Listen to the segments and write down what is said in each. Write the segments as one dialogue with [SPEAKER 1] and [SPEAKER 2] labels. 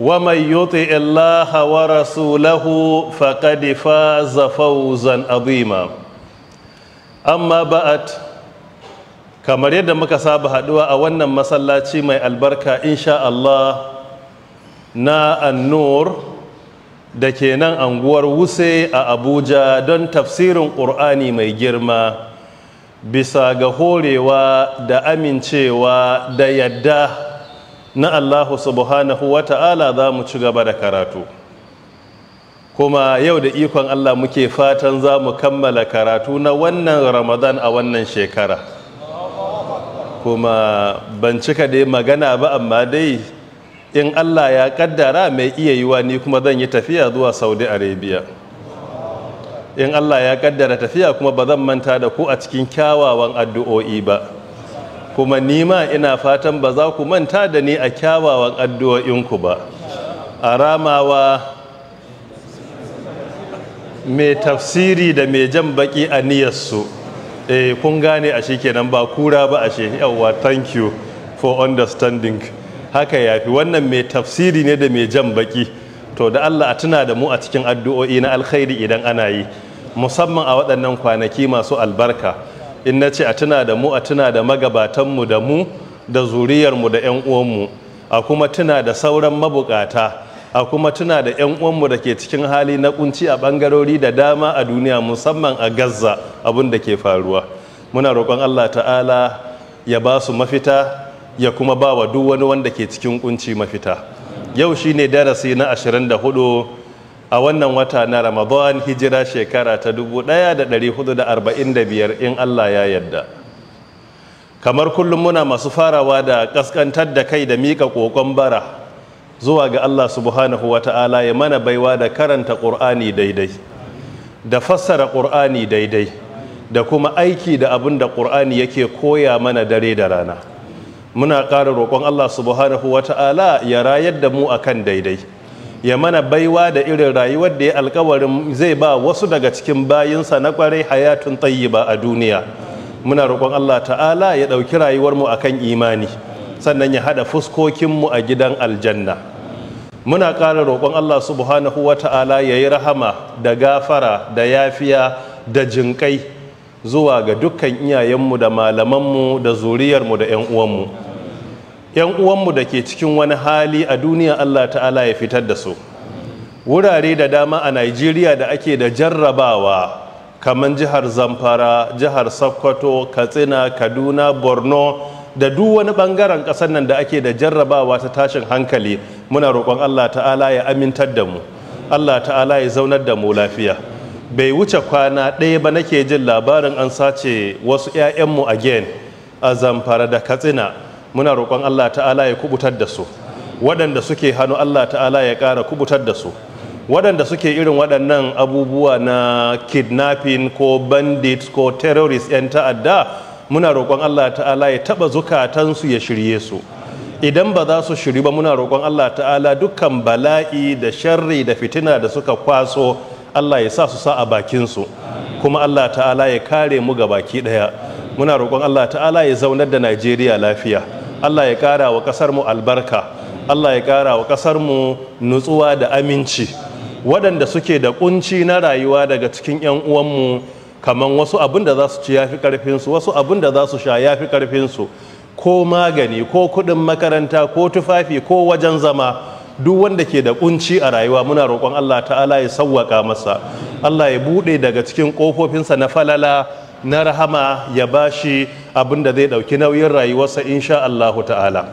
[SPEAKER 1] ومن يطع الله ورسوله فقد فاز فوزا عظيما Amma بعد kamar yadda muka saba haduwa a wannan masallaci mai albarka insha Allah na annur da ke nan anguwar wuse a abuja don tafsirin ƙur'ani mai girma bisa ga horewa da amincewa da yadda na Allahu subhanahu wa ta'ala za mu ci gaba da karatu kuma yau da ikon Allah muke fatan za mu kammala karatu na wannan ramadan a wannan shekara kuma ban cika dai magana ba amma dai in Allah ya kaddara mai iya yiwa ni kuma zan yi tafiya zuwa saudi arabia in Allah ya kaddara tafiya kuma ba zan manta da ku a cikin kyawawan addu'o'i ba kuma nima ina fatan ba za ku manta da ni a kyawawan addu'o'inku ba a ramawa mai tafsiri da mai jan baki a niyarsu eh kun gane ashe kenan ba kura ba ashe yawwa thank you for understanding haka ya fi wannan mai tafsiri ne da mai jan baki to da Allah a tuna da mu a cikin addu'o'i na alkhairi idan ana yi musamman a waɗannan kwanaki masu albarka in na ce a tuna da mu a tuna da magabatanmu da mu da zuriyarmu da 'yan uwanmu a kuma tuna da sauran mabukata a kuma tuna da 'yan uwanmu da ke cikin hali na kunci a bangarori da dama a duniya musamman a gaza abin da ke faruwa muna roƙon allah ta'ala ya ba su mafita ya kuma ba wa duk wani wanda ke cikin kunci mafita yau shine darasi na 24 a wannan wata na ramadan hijira shekara ta 1445 in allah ya yadda kamar kullum muna masu farawa da kaskantar da kai da miƙa ƙoƙon bara zuwa ga allah subhanahu wa ta'ala ya mana baiwa da karanta ƙur'ani daidai da fassara ƙur'ani daidai da kuma aiki da abin da ƙur'ani yake koya mana dare da rana muna ƙara roƙon allah subhanahu wa ta'ala ya rayar da mu akan daidai ya mana baiwa da irin rayuwar da ya alkawarin zai ba wasu daga cikin bayinsa na kwarai hayatun tayyiba a duniya muna roƙon Allah ta'ala ya ɗauki rayuwarmu a kan imani sannan ya haɗa fuskokinmu a gidan aljanna muna ƙara roƙon Allah subhanahu wa ta'ala ya yi rahama da gafara da yafiya da jinƙai zuwa ga dukkan iyayenmu da malamanmu da zuriyarmu da 'yan uwanmu 'yan uwanmu da ke cikin wani hali a duniya Allah ta'ala ya fitar da su wurare da dama a Najeriya da ake da jarrabawa kamar jihar Zamfara jihar Sokoto Katsina Kaduna Borno da duk wani bangaren ƙasar nan da ake da jarrabawa ta tashin hankali muna roƙon Allah ta'ala ya amintar da mu Allah ta'ala ya zaunar da mu lafiya bai wuce kwana ɗaya ba nake jin labarin an sace wasu 'ya'yanmu again a Zamfara da Katsina muna roƙon Allah ta'ala ya kubutar da su waɗanda suke hannu Allah ta'ala ya ƙara kubutar da su waɗanda suke irin waɗannan abubuwa na kidnapping ko bandit ko terrorist 'yan ta'adda muna roƙon Allah ta'ala ya taɓa zukatansu ya shirye su idan ba za su shiri ba muna roƙon Allah ta'ala dukkan bala'i da sharri da fitina da suka kwaso Allah ya sa su sa a bakinsu kuma Allah ta'ala ya kare mu ga baki ɗaya muna roƙon Allah ta'ala ya zaunar da Najeriya lafiya Allah ya ƙara wa ƙasar mu albarka Allah ya ƙara wa ƙasar mu nutsuwa da aminci waɗanda suke da ƙunci na rayuwa daga cikin 'yan uwanmu kamar wasu abin da za su ci ya fi ƙarfinsu wasu abin da za su sha ya fi ƙarfinsu ko magani ko kuɗin makaranta ko tufafi ko wajen zama duk wanda ke da ƙunci a rayuwa muna roƙon Allah ta'ala ya sawwaka masa Allah ya buɗe daga cikin ƙofofinsa na falala na rahama ya bashi abin zai ɗauki nauyin rayuwarsa insha Allahu ta'ala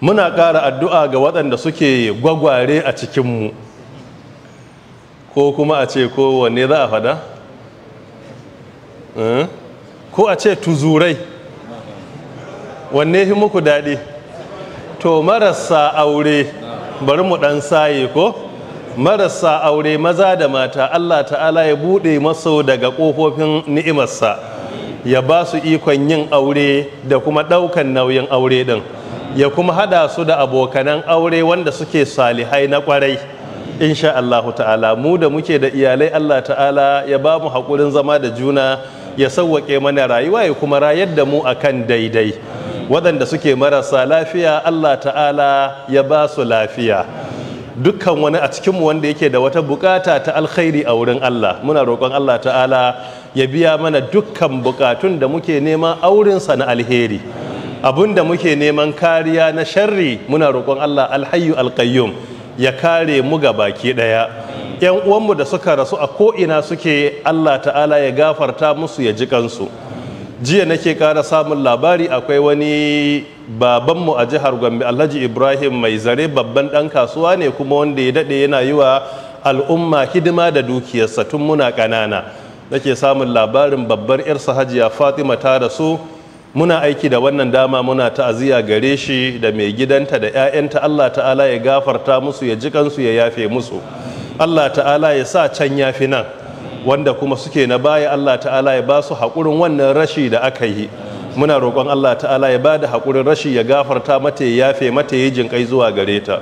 [SPEAKER 1] muna ƙara addu'a ga waɗanda suke gwagware a cikinmu ko kuma a ce ko wanne za a fada eh? ko a ce tuzurai wanne fi muku daɗi to marasa aure bari mu ɗan saye ko? marasa aure maza da mata Allah ta'ala ya buɗe masu daga ƙofofin ni'imarsa ya ba su ikon yin aure da kuma ɗaukan nauyin aure ɗin ya kuma hada su da abokanan aure wanda suke salihai na kwarai insha Allahu ta'ala mu da muke da iyalai Allah ta'ala ya ba mu haƙurin zama da juna ya sauwaƙe mana rayuwa ya kuma rayar da mu akan daidai waɗanda suke marasa lafiya Allah ta'ala ya ba su lafiya dukkan wani a cikinmu wanda yake da wata bukata ta alkhairi a wurin Allah muna roƙon Allah ta'ala ya biya mana dukkan bukatun da muke neman aurinsa na alheri abun da muke neman kariya na sharri muna roƙon Allah alhayyu alqayyum ya kare mu ga baki ɗaya. yan uwanmu da suka rasu a ko'ina suke Allah ta'ala ya gafarta musu ya ji kansu jiya nake ƙara samun labari akwai wani babanmu a jihar gombe alhaji ibrahim mai zare babban ɗan kasuwa ne kuma wanda ya daɗe yana yi wa al'umma hidima da dukiyarsa tun muna ƙanana nake samun labarin babbar yarsa hajiya fatima ta rasu muna aiki da wannan dama muna ta'aziyya gare shi da mai gidanta da 'ya'yanta allah ta'ala ya gafarta musu ya jikansu ya yafe musu allah ta'ala ya sa can yafi nan wanda kuma suke na baya allah ta'ala ya ba su haƙurin wannan rashi da aka yi muna roƙon allah ta'ala ya ba da haƙurin rashi ya gafarta mata ya yafe mata ya yi jinƙai zuwa gare ta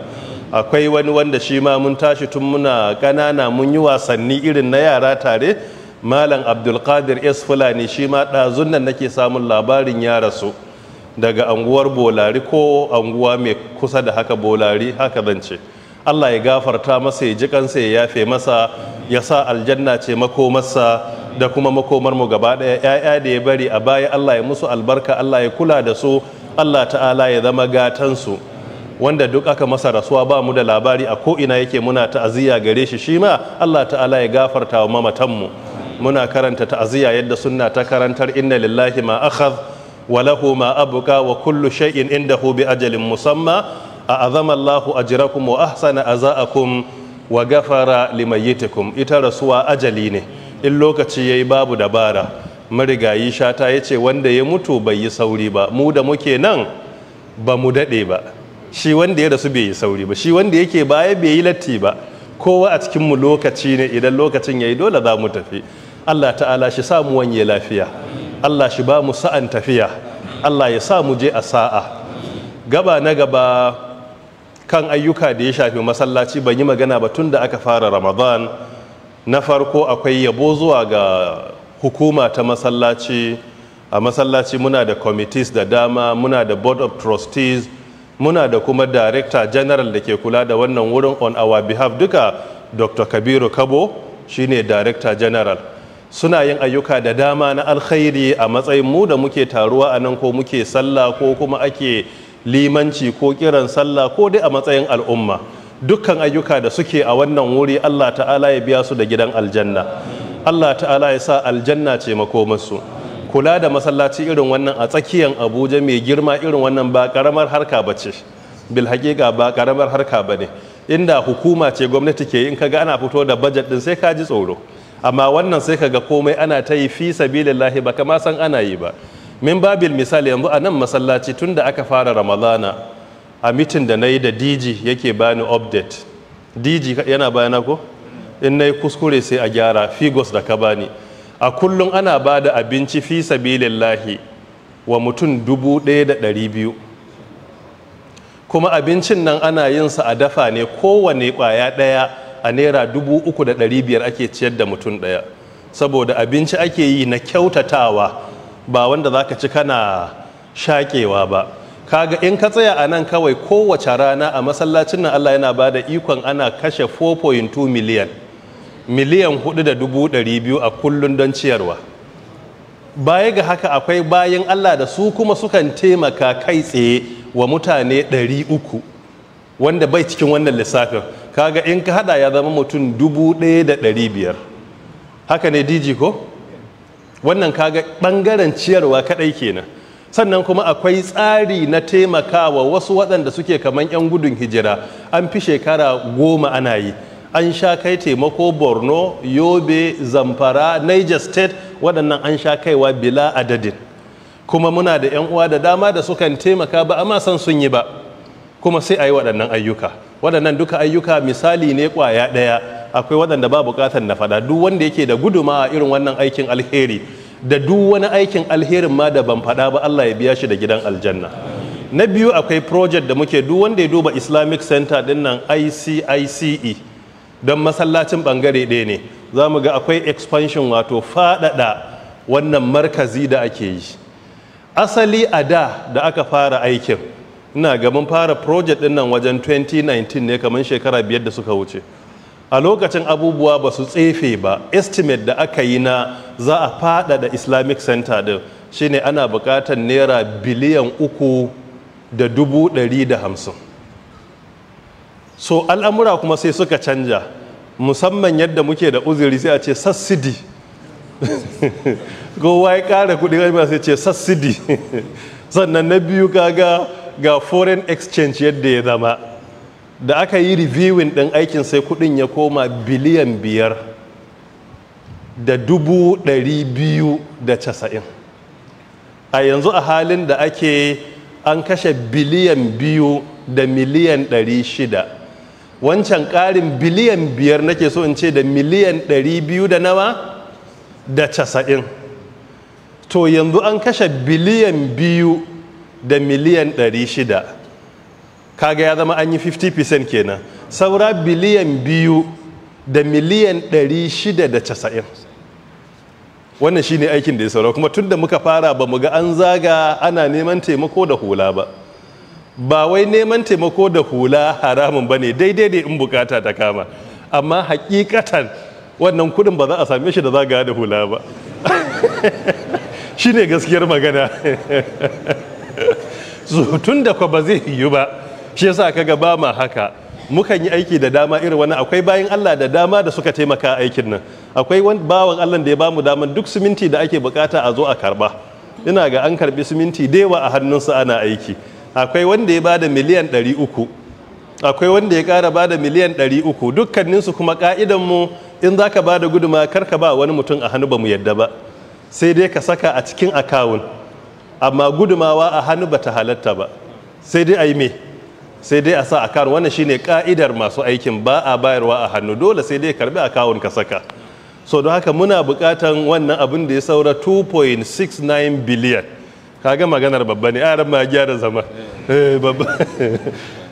[SPEAKER 1] akwai wani wanda shi ma mun tashi tun muna ƙanana mun yi wasanni irin na yara tare malam abdulkadir s fulani shi ma ɗazun nan nake samun labarin ya rasu daga anguwar bolari ko anguwa mai kusa da haka bolari haka zance allah ya gafarta masa ya ji kansa ya yafe masa ya sa aljanna ce makomarsa da kuma makomar mu gaba ɗaya ‘ya'ya da ya bari a baya allah ya musu albarka allah ya kula da su allah ta'ala ya zama gatansu wanda duk aka masa rasuwa ba mu da labari a ko'ina yake muna ta'aziyya gare shi shi ma allah ta'ala ya gafarta wa mamatanmu muna karanta ta'aziyya yadda sunna ta karantar inna lillahi ma akhadh wa lahu ma abqa wa kullu shay'in indahu bi ajalin musamma a azama Allahu ajrakum wa ahsana azaakum wa ghafara limayyitikum ita rasuwa ajali ne in lokaci yayi babu dabara marigayi shata yace wanda ya mutu bai yi sauri ba mu da muke nan ba mu dade ba shi wanda ya rasu bai yi sauri ba shi wanda yake baya bai yi latti ba kowa a cikin mu lokaci ne idan lokacin yayi dole za mu tafi Allah ta'ala shi sa mu wanye lafiya Allah shi ba mu sa'an tafiya Allah ya sa mu je a sa'a gaba na gaba kan ayyuka da ya shafi masallaci ban yi magana ba tun da aka fara ramadan na farko akwai yabo zuwa ga hukuma ta masallaci a masallaci muna da committees da dama muna da board of trustees muna da kuma director general da ke kula da wannan wurin on our behalf duka dr kabiru kabo shine director general suna yin ayyuka da dama na alkhairi a matsayin mu da muke taruwa a nan ko muke sallah ko kuma ake limanci ko kiran sallah ko dai a matsayin al'umma dukkan ayyuka da suke a wannan wuri Allah ta'ala ya biya su da gidan aljanna Allah ta'ala ya sa aljanna ce makomarsu kula da masallaci irin wannan a tsakiyar Abuja mai girma irin wannan ba karamar harka bace bil haƙiƙa ba karamar harka bane inda hukuma ce gwamnati ke in kaga ana fito da bajet ɗin sai ka ji tsoro amma wannan sai kaga komai ana ta yi fi sabilillahi ba kama san ana yi ba min babil misali yanzu a nan masallaci tun da aka fara ramadana a mitin da na yi da dg yake bani update dj yana bayana ko in na yi kuskure sai a gyara figos da ka bani a kullum ana ba da abinci fi sabilillahi wa mutum dubu ɗaya da ɗari biyu kuma abincin nan ana yin sa a dafa ne kowane kwaya ɗaya a naira dubu uku da ɗari biyar ake ciyar da mutum ɗaya saboda abinci ake yi na kyautatawa ba wanda za ka ci kana shakewa ba kaga in ka tsaya a nan kawai kowace rana a masallacin nan Allah yana ba da ikon ana kashe 4.2 miliyan miliyan da dubu biyu a kullun don ciyarwa baya ga haka akwai bayan Allah da su kuma sukan taimaka kai tsaye wa mutane 300 wanda bai cikin wannan lissafin kaga in ka hada ya zama mutum dubu ɗaya da ɗari biyar haka ne diji ko wannan kaga ɓangaren ciyarwa kaɗai kenan sannan kuma akwai tsari na taimakawa wasu waɗanda suke kamar 'yan gudun hijira an fi shekara goma ana yi an sha kai taimako borno yobe zamfara niger state waɗannan an sha kaiwa bila adadin kuma muna da 'yan uwa da dama da sukan taimaka ba amma son sun yi ba kuma sai a yi waɗannan ayyuka waɗannan duka ayyuka misali ne kwaya ɗaya akwai waɗanda ba buƙatar na faɗa duk wanda yake da guduma a irin wannan aikin alheri da duk wani aikin alherin ma da ban faɗa ba Allah ya biya shi da gidan aljanna na biyu akwai project da muke duk wanda ya duba islamic center din nan icice don masallacin bangare ɗaya ne za mu ga akwai expansion wato faɗaɗa wannan markazi da ake yi asali a da da aka fara aikin ina gaban fara project din nan wajen 2019 ne kamar shekara biyar da suka wuce a lokacin abubuwa ba su tsefe ba estimate da aka yi na za a faɗaɗa islamic center din shine ana bukatar naira biliyan uku da dubu ɗari da hamsin so al'amura kuma sai suka canja musamman yadda muke da uzuri sai a ce subsidy gowa ya kudi kuɗi sai ce sassidi sannan na biyu kaga ga foreign exchange yadda ya zama da aka yi reviewing ɗin aikin sai kudin ya koma biliyan biyar da dubu ɗari biyu da casa'in a yanzu a halin da ake an kashe biliyan biyu da miliyan ɗari shida wancan ƙarin biliyan biyar nake so in ce da miliyan ɗari biyu da nawa da casa'in to yanzu an kashe biliyan biyu da miliyan 600 kaga ya zama an yi 50% kenan saura biliyan biyu da miliyan 690 wannan shine aikin da ya saura kuma tun da muka fara ba mu ga an zaga ana neman taimako da hula ba ba wai neman taimako da hula haramun ba ne daidai da in bukata ta kama amma hakikatan wannan kudin ba za a same shi da zaga da hula ba shine gaskiyar magana so tun da kwa ba zai yiwu ba shi yasa ka ga ba ma haka mukan yi aiki da dama irin wani akwai bayan Allah da dama da suka taimaka aikin nan akwai wani bawan Allah da ya bamu daman duk siminti da ake bukata a zo a karba ina ga an karbi siminti da yawa a hannunsa ana aiki akwai wanda ya bada miliyan 300 akwai wanda ya kara bada miliyan 300 dukkaninsu kuma ka'idan mu in zaka bada guduma karka ba wani mutum a hannu ba mu yadda ba sai dai ka saka a cikin akawun amma gudumawa a hannu bata halatta ba sai dai a yi me sai dai a sa a kan wannan shine ka'idar masu aikin ba a bayarwa a hannu dole sai dai karbi akawun ka saka so don haka muna bukatan wannan abin da ya saura 2.69 biliyan kaga maganar babba ne a ma gyara zama eh. Eh, babba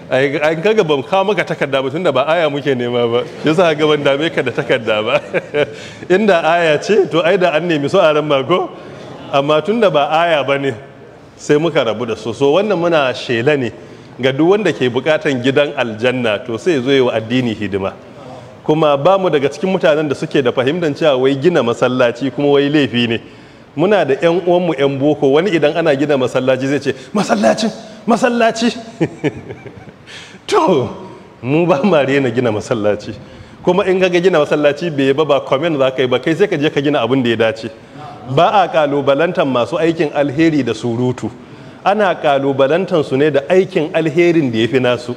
[SPEAKER 1] an kaga ban kawo maka takarda ba tunda ba aya muke nema ba yasa ga ban dame ka da takarda ba inda aya ce to ai da an nemi su a ran mako amma tun da ba aya ba ne sai muka rabu da su so wannan muna shela ne ga duk wanda ke bukatan gidan aljanna to sai zo yi wa addini hidima kuma ba mu daga cikin mutanen da suke da fahimtar cewa wai gina masallaci kuma wai laifi ne muna da yan uwanmu yan boko wani idan ana gina masallaci zai ce masallaci masallaci to mu ba ma rena gina masallaci kuma in ga gina masallaci bai ba ba comment za ka yi ba kai sai ka je ka gina abin da ya dace ba a kalubalantar masu aikin alheri da surutu ana kalubalantar su ne da aikin alherin da ya fi nasu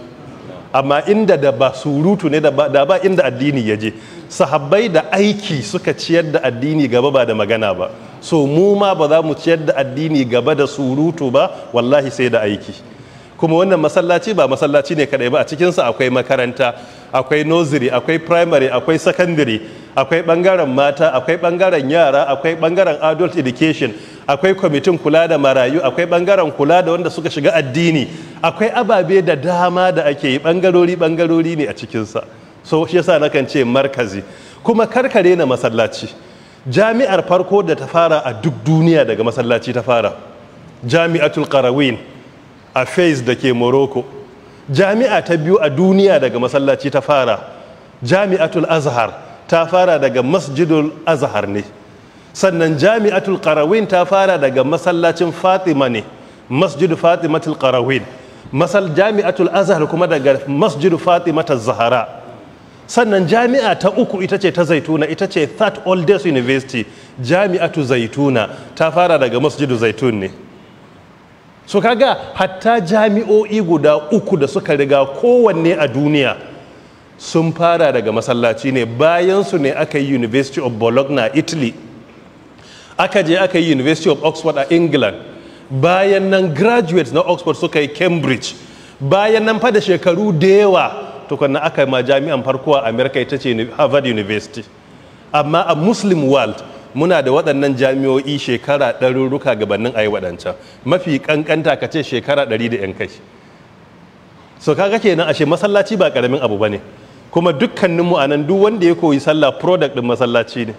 [SPEAKER 1] amma inda da ba surutu ne da ba inda addini ya je sahabbai da aiki suka ciyar da addini gaba ba da magana ba so mu ma ba za mu ciyar da addini gaba da surutu ba wallahi sai da aiki kuma wannan masallaci ba masallaci ne kadai ba a cikinsa akwai makaranta akwai nursery akwai primary akwai secondary akwai bangaren mata akwai bangaren yara akwai bangaren adult education akwai kwamitin kula da marayu akwai bangaren kula da wanda suka shiga addini akwai ababe da dama da ake yi bangarori bangarori ne a cikinsa so shi yasa nakan ce markazi kuma karkare na masallaci jami'ar farko da ta fara a duk duniya daga masallaci ta fara jami'atul qarawin a fez da ke morocco jami'a ta biyu a duniya daga masallaci ta fara jami'atul azhar ta fara daga masjidul azhar ne sannan jami'atul qarawin ta fara daga masallacin fatima ne masjidu fatimatul qarawin masal jami'atul azhar kuma daga masjidu fatimatul zahara sannan jami'a ta uku ita ce ta zaituna ita ce third oldest university jami'atu zaituna ta fara daga masjidu zaitun ne so kaga hatta jami'o'i guda uku da suka riga kowanne a duniya sun fara daga masallaci ne bayan su ne aka yi university of bologna italy aka je aka yi university of oxford a england bayan nan graduates na oxford suka yi cambridge bayan nan fa da shekaru da yawa tukunna aka ma jami'an farko a america ita ce harvard university amma a muslim world muna da waɗannan jami'o'i shekara ɗarurruka gabanin a yi waɗancan mafi ƙanƙanta ka ce shekara ɗari da ‘yan kai so kaga kenan ashe masallaci ba ƙaramin abu ba ne kuma dukkaninmu a nan duk wanda ya koyi sallah product ɗin masallaci ne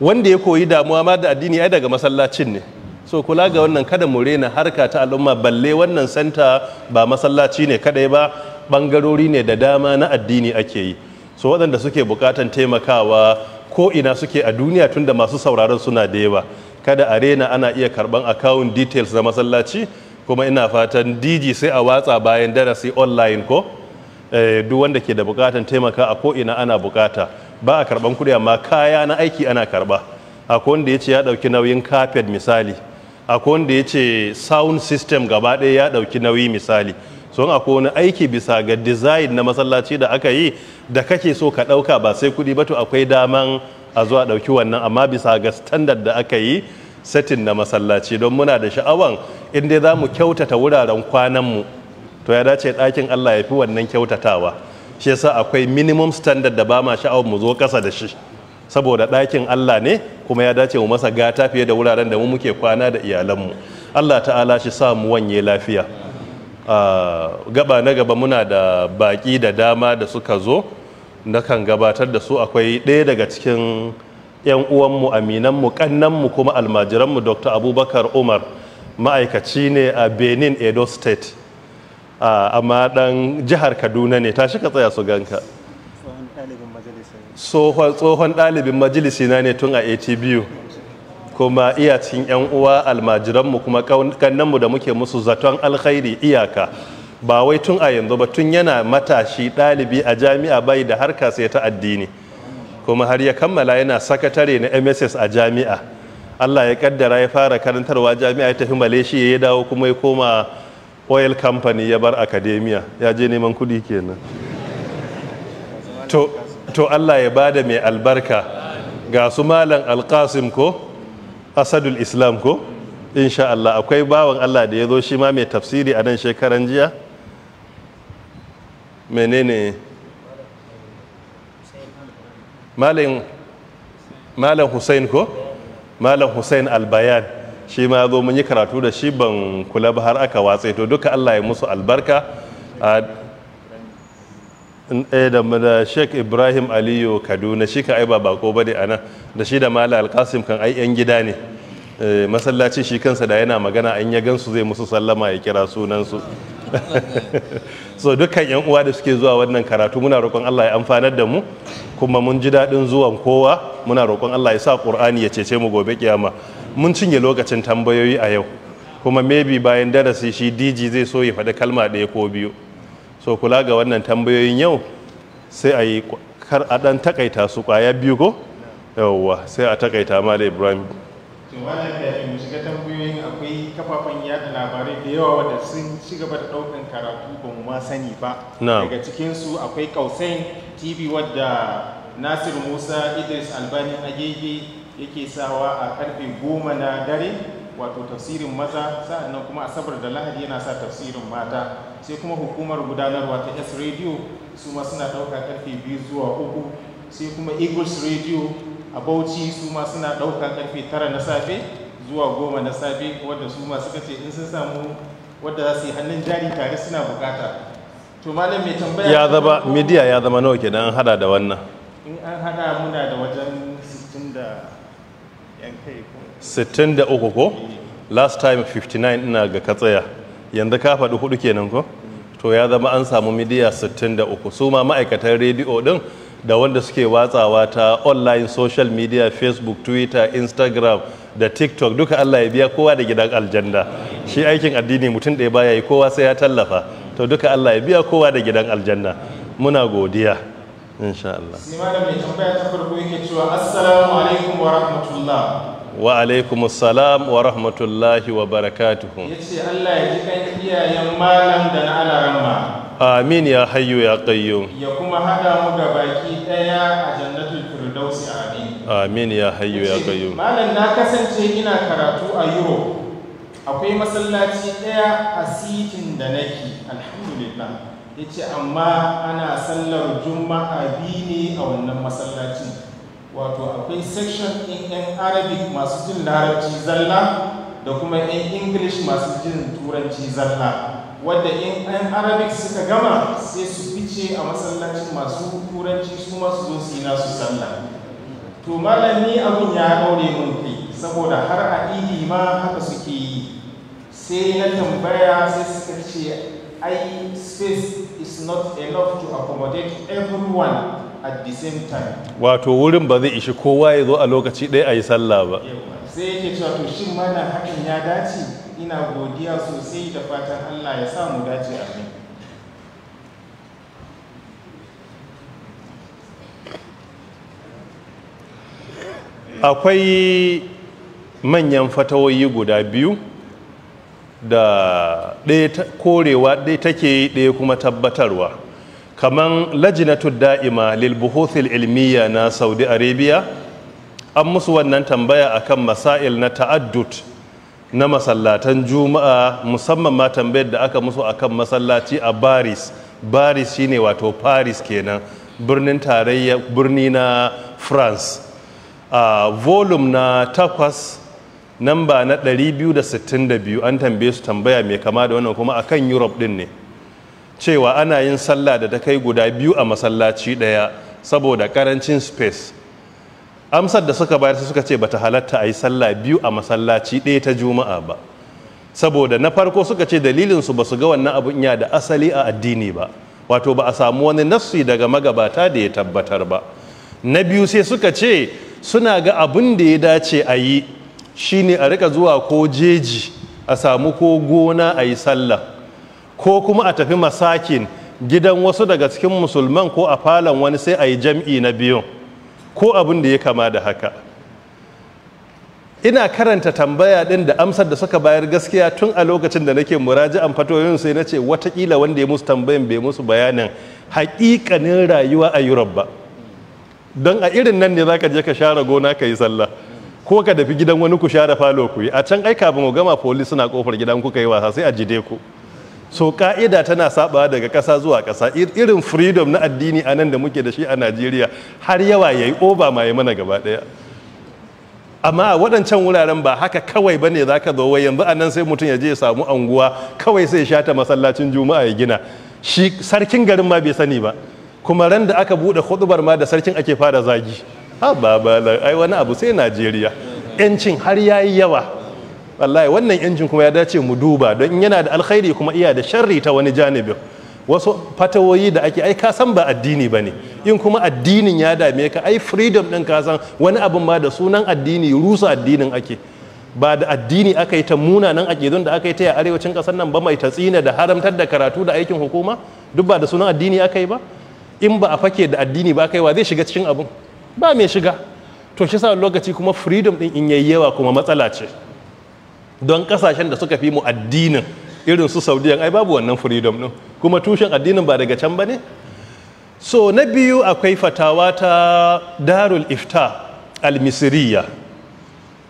[SPEAKER 1] wanda ya koyi damuwa ma da addini ai daga masallacin ne so kula ga wannan kada mu rena harka ta al'umma balle wannan santa ba masallaci ne kadai ba bangarori ne da dama na addini ake yi so waɗanda suke buƙatan taimakawa ko ina suke a duniya tunda masu sauraron suna da yawa kada a rena ana iya karban account details na masallaci kuma ina fatan dj sai a watsa bayan darasi online ko eh, duk wanda ke da bukatan taimaka a ko ina ana bukata ba a karban kuɗi amma kaya na aiki ana karba akwai wanda ya ce ya ɗauki nauyin carpet misali akwai wanda ya ce sound system gaba ɗaya ya ɗauki nauyi misali sun akwai wani aiki bisa ga design na masallaci da aka yi da kake so ka ɗauka ba sai kuɗi ba to akwai daman a zuwa ɗauki wannan amma bisa ga standard da aka yi setin na masallaci don muna da sha'awan in dai za mu kyautata wuraren kwananmu to ya dace ɗakin allah ya fi wannan kyautatawa shi yasa akwai minimum standard da ba ma sha'awar mu zo kasa da shi saboda ɗakin allah ne kuma ya dace mu masa gata fiye da wuraren da mu muke kwana da iyalan mu allah ta'ala shi sa mu wanye lafiya ah, gaba na gaba muna da baki da dama da suka zo nakan gabatar da su akwai ɗaya daga cikin 'yan uwanmu aminanmu kannanmu kuma almajiranmu dr abubakar umar ma'aikaci ne a benin edo state amma ɗan jihar kaduna ne ta shika tsaya su ganka tsohon ɗalibin majalisi na ne tun a atbu kuma iya cikin 'yan uwa almajiranmu kuma kannanmu da muke musu zaton alkhairi iyaka ba wai tun a yanzu ba tun yana matashi ɗalibi a jami'a bai da harka sai ta addini kuma har ya kammala yana sakatare na mss a jami'a allah ya kaddara ya fara karantarwa jami'a ya tafi malaysia ya dawo kuma ya koma oil company ya bar academia ya je neman kudi kenan to, allah ya ba da mai albarka ga su malam alkasim ko asadul islam ko insha allah akwai bawan allah da ya zo shi ma mai tafsiri a nan shekaran jiya menene malam hussein ko malam hussein albayan shi ma zo mun yi karatu da shi ban kula ba har aka watse to duka allah ya musu albarka eh, da sheik ibrahim aliyu kaduna shi ka ai ba bako ba da ana da shi da mala alkasim kan ai 'yan gida ne eh, masallaci shi kansa da yana magana an ya gansu zai musu sallama ya kira sunansu so dukkan yan uwa da suke zuwa wannan karatu muna roƙon Allah ya amfanar da mu kuma mun ji daɗin zuwan kowa muna roƙon Allah ya sa Qur'ani ya cece mu gobe kiyama mun cinye lokacin tambayoyi a yau kuma maybe bayan darasi shi DG zai so ya faɗi kalma ɗaya ko biyu so kula ga wannan tambayoyin yau sai a yi kar a ɗan takaita su ƙwaya biyu ko yawwa sai a takaita ma da Ibrahim
[SPEAKER 2] to wannan kafin mu shiga tambayoyin akwai kafafen yada labarai da yawa wadda sun ci gaba da ɗaukan karatu ba mu ma sani ba daga cikin su akwai kausain tv wadda nasir musa idris albani agege yake sawa a karfe goma na dare wato tafsirin maza sa'annan kuma asabar da lahadi yana sa tafsirin mata sai kuma hukumar gudanarwa ta s radio su ma suna ɗauka karfe biyu zuwa uku sai kuma eagles radio a bauchi su ma suna ɗauka ƙarfe tara na safe zuwa goma na safe wadda su ma suka ce in sun samu wadda za su yi hannun jari tare suna bukata to malam mai tambaya ya zama
[SPEAKER 1] midiya ya zama nawa kenan an hada da wannan
[SPEAKER 2] in an hada muna da wajen 60 da yan
[SPEAKER 1] kai ko ko eh. last time 59 ina ga katsaya yanzu ka faɗi hudu kenan ko eh. to ya zama an samu midiya 63 su ma ma'aikatan rediyo din da wanda suke watsawa ta online social media facebook twitter instagram da tiktok duka allah ya biya kowa da gidan aljanna shi aikin addini mutum ɗaya baya yi kowa sai ya tallafa to duka allah ya biya kowa da gidan aljanna muna godiya insha Allah. ta
[SPEAKER 2] farko cewa wa
[SPEAKER 1] Wa alaikum assalam wa rahmatullahi wa barakatuhu. Yace
[SPEAKER 2] Allah ya ji kan iyayen malam da na alaramma.
[SPEAKER 1] amin ya hayyo ya qayyum ya
[SPEAKER 2] kuma hada mu ga baki daya a jannatul firdausi amin
[SPEAKER 1] amin ya hayyo ya qayyum malam na kasance ina karatu a europe
[SPEAKER 2] akwai masallaci ɗaya a sitin da nake alhamdulillah yace amma ana sallar juma'a biyu ne a wannan masallacin wato akwai section in yan arabic masu jin larabci zalla da kuma yan english masu jin turanci zalla wadda in an arabic suka gama sai su fice a masallacin masu turanci su masu zo su yi nasu sallah to malami abin ya daure mun kai saboda har a idi ma haka suke yi sai na tambaya sai suka ce ai space is not enough to accommodate everyone at the same time
[SPEAKER 1] wato wurin ba zai ishi kowa ya zo a lokaci ɗaya a yi sallah ba
[SPEAKER 2] sai yake cewa to shin mana hakan ya dace ina godiya sosai da fatan allah ya sa mu dace amin
[SPEAKER 1] akwai manyan fatawoyi guda biyu da korewa ɗaya take ɗaya kuma tabbatarwa kamar lajinatun da'ima lilbuhothil ilmiya na saudi arabia an musu wannan tambaya akan masail na ta'addud na masallatan juma'a musamman ma tambayar da aka musu akan masallaci a baris baris shine wato paris kenan birnin tarayya birni na france a volume na takwas namba na 262 an tambaye su tambaya mai kama da wannan kuma akan europe din ne cewa ana yin sallah da ta kai guda biyu a masallaci daya saboda karancin space amsar da suka bayar suka ce bata halatta a yi sallah biyu a masallaci ɗaya ta juma'a ba saboda na farko suka ce dalilinsu ba su ga wannan abun ya da asali a addini ba wato ba a samu wani nassi daga magabata da ya tabbatar ba na biyu sai suka ce suna ga abun da ya dace a yi shine a rika zuwa ko jeji a samu ko gona a yi sallah ko kuma a tafi masakin gidan wasu daga cikin musulman ko a falon wani sai a yi jam'i na biyun ko abin da ya kama da haka ina karanta tambaya din da amsar da suka bayar gaskiya tun a lokacin da nake muraji muraji'an fatoyin sai na ce watakila wanda ya musu tambayan bai musu bayanin haƙiƙanin rayuwa a europe ba don a irin nan ne zaka je ka share gona ka yi sallah ko ka dafi gidan wani ku share falo ku yi a can aika kafin mu gama police suna kofar gidan kuka yi wasa sai a jide ku so ka'ida tana saba daga kasa zuwa ƙasa irin freedom na addini a nan da muke da shi a najeriya har yawa ya yi oba ma ya mana gaba ɗaya amma a waɗancan wuraren ba haka kawai ba ne za ka zo wai yanzu a nan sai mutum ya je ya samu anguwa kawai sai ya ta masallacin juma'a ya gina shi sarkin garin ma bai sani ba kuma ran da aka buɗe hudubar ma da sarkin ake fara zagi ha ba ba ai wani abu sai najeriya 'yancin har yayi yawa wallahi wannan injin kuma ya dace mu duba don yana da alkhairi kuma iya da sharri ta wani janibin wasu fatawoyi da ake ai ka san ba addini ba ne in kuma addinin ya dame ka ai freedom din ka san wani abin ma da sunan addini rusa addinin ake ba da addini aka yi ta munanan aƙidun da aka yi ta a arewacin ƙasar nan ba mai ta tsina da haramtar da karatu da aikin hukuma duk ba da sunan addini aka yi ba in ba a fake da addini ba kaiwa zai shiga cikin abin ba mai shiga to shi sa lokaci kuma freedom ɗin in yayyawa kuma matsala ce don kasashen da suka fi mu addinin irin su saudiyan ai babu wannan freedom din kuma tushen addinin ba daga can ba ne so na biyu akwai fatawa ta darul ifta al-misriya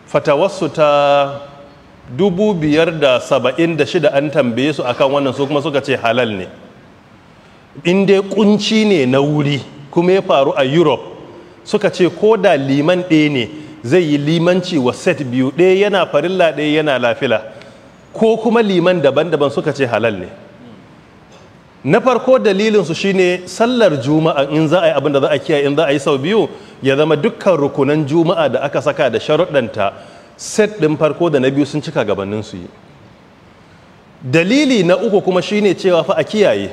[SPEAKER 1] fatawarsu ta 576 an tambaye su akan wannan su kuma suka ce halal ne in dai kunci ne na wuri kuma ya faru a europe suka ce ko da liman ɗaya ne zai yi limanci wa set biyu ɗaya yana farilla ɗaya yana lafila ko kuma liman daban-daban suka ce halal ne na farko dalilinsu shine sallar juma'a in za a yi abin da za a kiyaye in za a yi sau biyu ya zama dukkan rukunan juma'a da aka saka da sharuɗanta set ɗin farko da na biyu sun cika gabanin su yi dalili na uku kuma shine cewa fa a kiyaye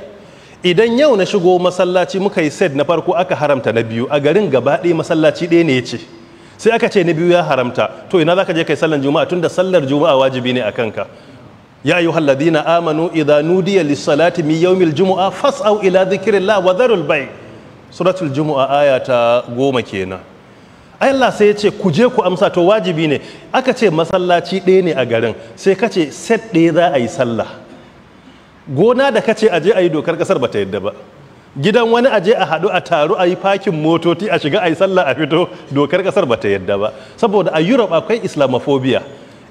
[SPEAKER 1] idan yau na shigo masallaci muka yi set na farko aka haramta na biyu a garin gaba ɗaya masallaci ɗaya ne ya ce sai aka ce ni biyu ya haramta to ina za ka je kai sallar juma'a tunda sallar juma'a wajibi ne a kanka ya yi na amanu Idanu, nudiya lis-salati min yawmil juma'a fas'au ila dhikrillah wa dharul bay suratul juma'a aya ta goma kenan ai Allah sai ya ce ku je ku amsa to wajibi ne aka ce masallaci ɗaya ne a garin sai ka ce set ɗaya za a yi sallah gona da kace aje a yi dokar kasar ta yadda ba gidan wani aje a haɗu a taru a yi fakin motoci a shiga a yi sallah a fito dokar ƙasar ba ta yadda ba saboda a europe akwai islamophobia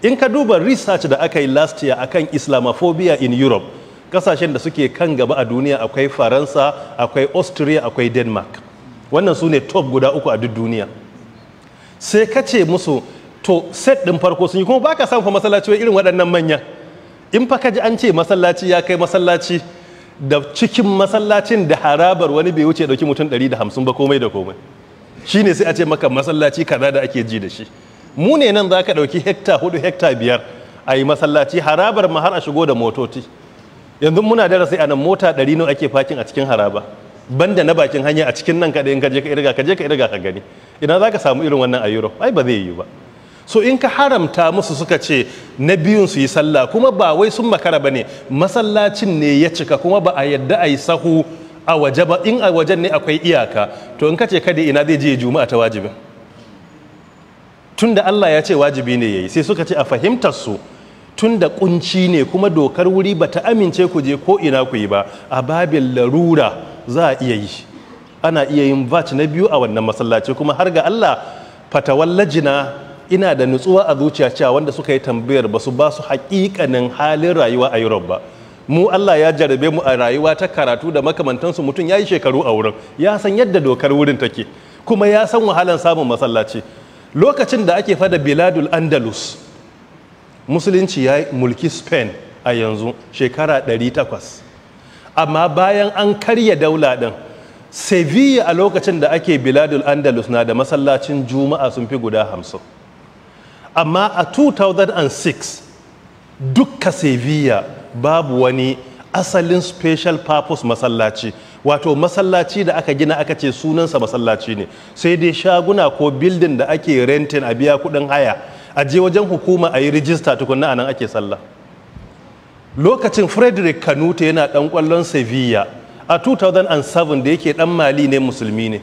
[SPEAKER 1] in ka duba research da aka yi last year akan islamophobia in europe ƙasashen da suke kan gaba a duniya akwai faransa akwai austria akwai denmark wannan su ne top guda uku a duk duniya sai ka ce musu to set ɗin farko sun yi kuma baka samun fa masallaci irin waɗannan manya in fa ka ji an ce masallaci ya kai masallaci da cikin masallacin da harabar wani bai wuce dauki mutum 150 ba komai da komai ne sai a ce maka masallaci kaza da ake ji da shi mu ne nan za ka dauki hekta hudu hekta biyar a yi masallaci harabar ma har a shigo da motoci yanzu muna darasi a nan mota 100 nawa ake fakin a cikin haraba banda na bakin hanya a cikin nan kaɗai in ka je ka irga ka je ka irga ka gani ina za ka samu irin wannan a yuro. ai ba zai yiwu ba so in ka haramta musu suka ce na biyun su yi sallah kuma ba wai sun makara ba ne masallacin ne ya cika kuma ba a yadda a yi sahu a waje ba in a wajen ne akwai iyaka to in ka ce kada ina zai je juma'a ta wajibin tunda Allah ya ce wajibi ne yayi sai suka ce a fahimtar su tunda kunci ne kuma dokar wuri ba ta amince ku je ko ina ku yi ba a babin larura za a iya yi ana iya yin batch na biyu a wannan masallaci kuma har ga Allah fatawallajina ina da nutsuwa a zuciya cewa wanda suka yi tambayar ba su ba su hakikanin halin rayuwa a Europe ba mu Allah ya jarabe mu a rayuwa ta karatu da makamantansu mutum ya yi shekaru a wurin ya san yadda dokar wurin take kuma ya san wahalan samun masallaci lokacin da ake fada biladul andalus musulunci ya mulki spain a yanzu shekara 800 amma bayan an karya daula din sevilla a lokacin da ake biladul andalus na da masallacin juma'a sun fi guda hamsin amma a 2006 dukka sevilla babu wani asalin special purpose masallaci wato masallaci da aka gina aka ce sunansa masallaci ne sai dai shaguna ko bildin da ake rentin a biya kudin haya a je wajen hukuma a yi rijista tukunna a nan ake sallah lokacin frederick kanute yana dan kwallon sevilla a 2007 da yake dan mali ne musulmi ne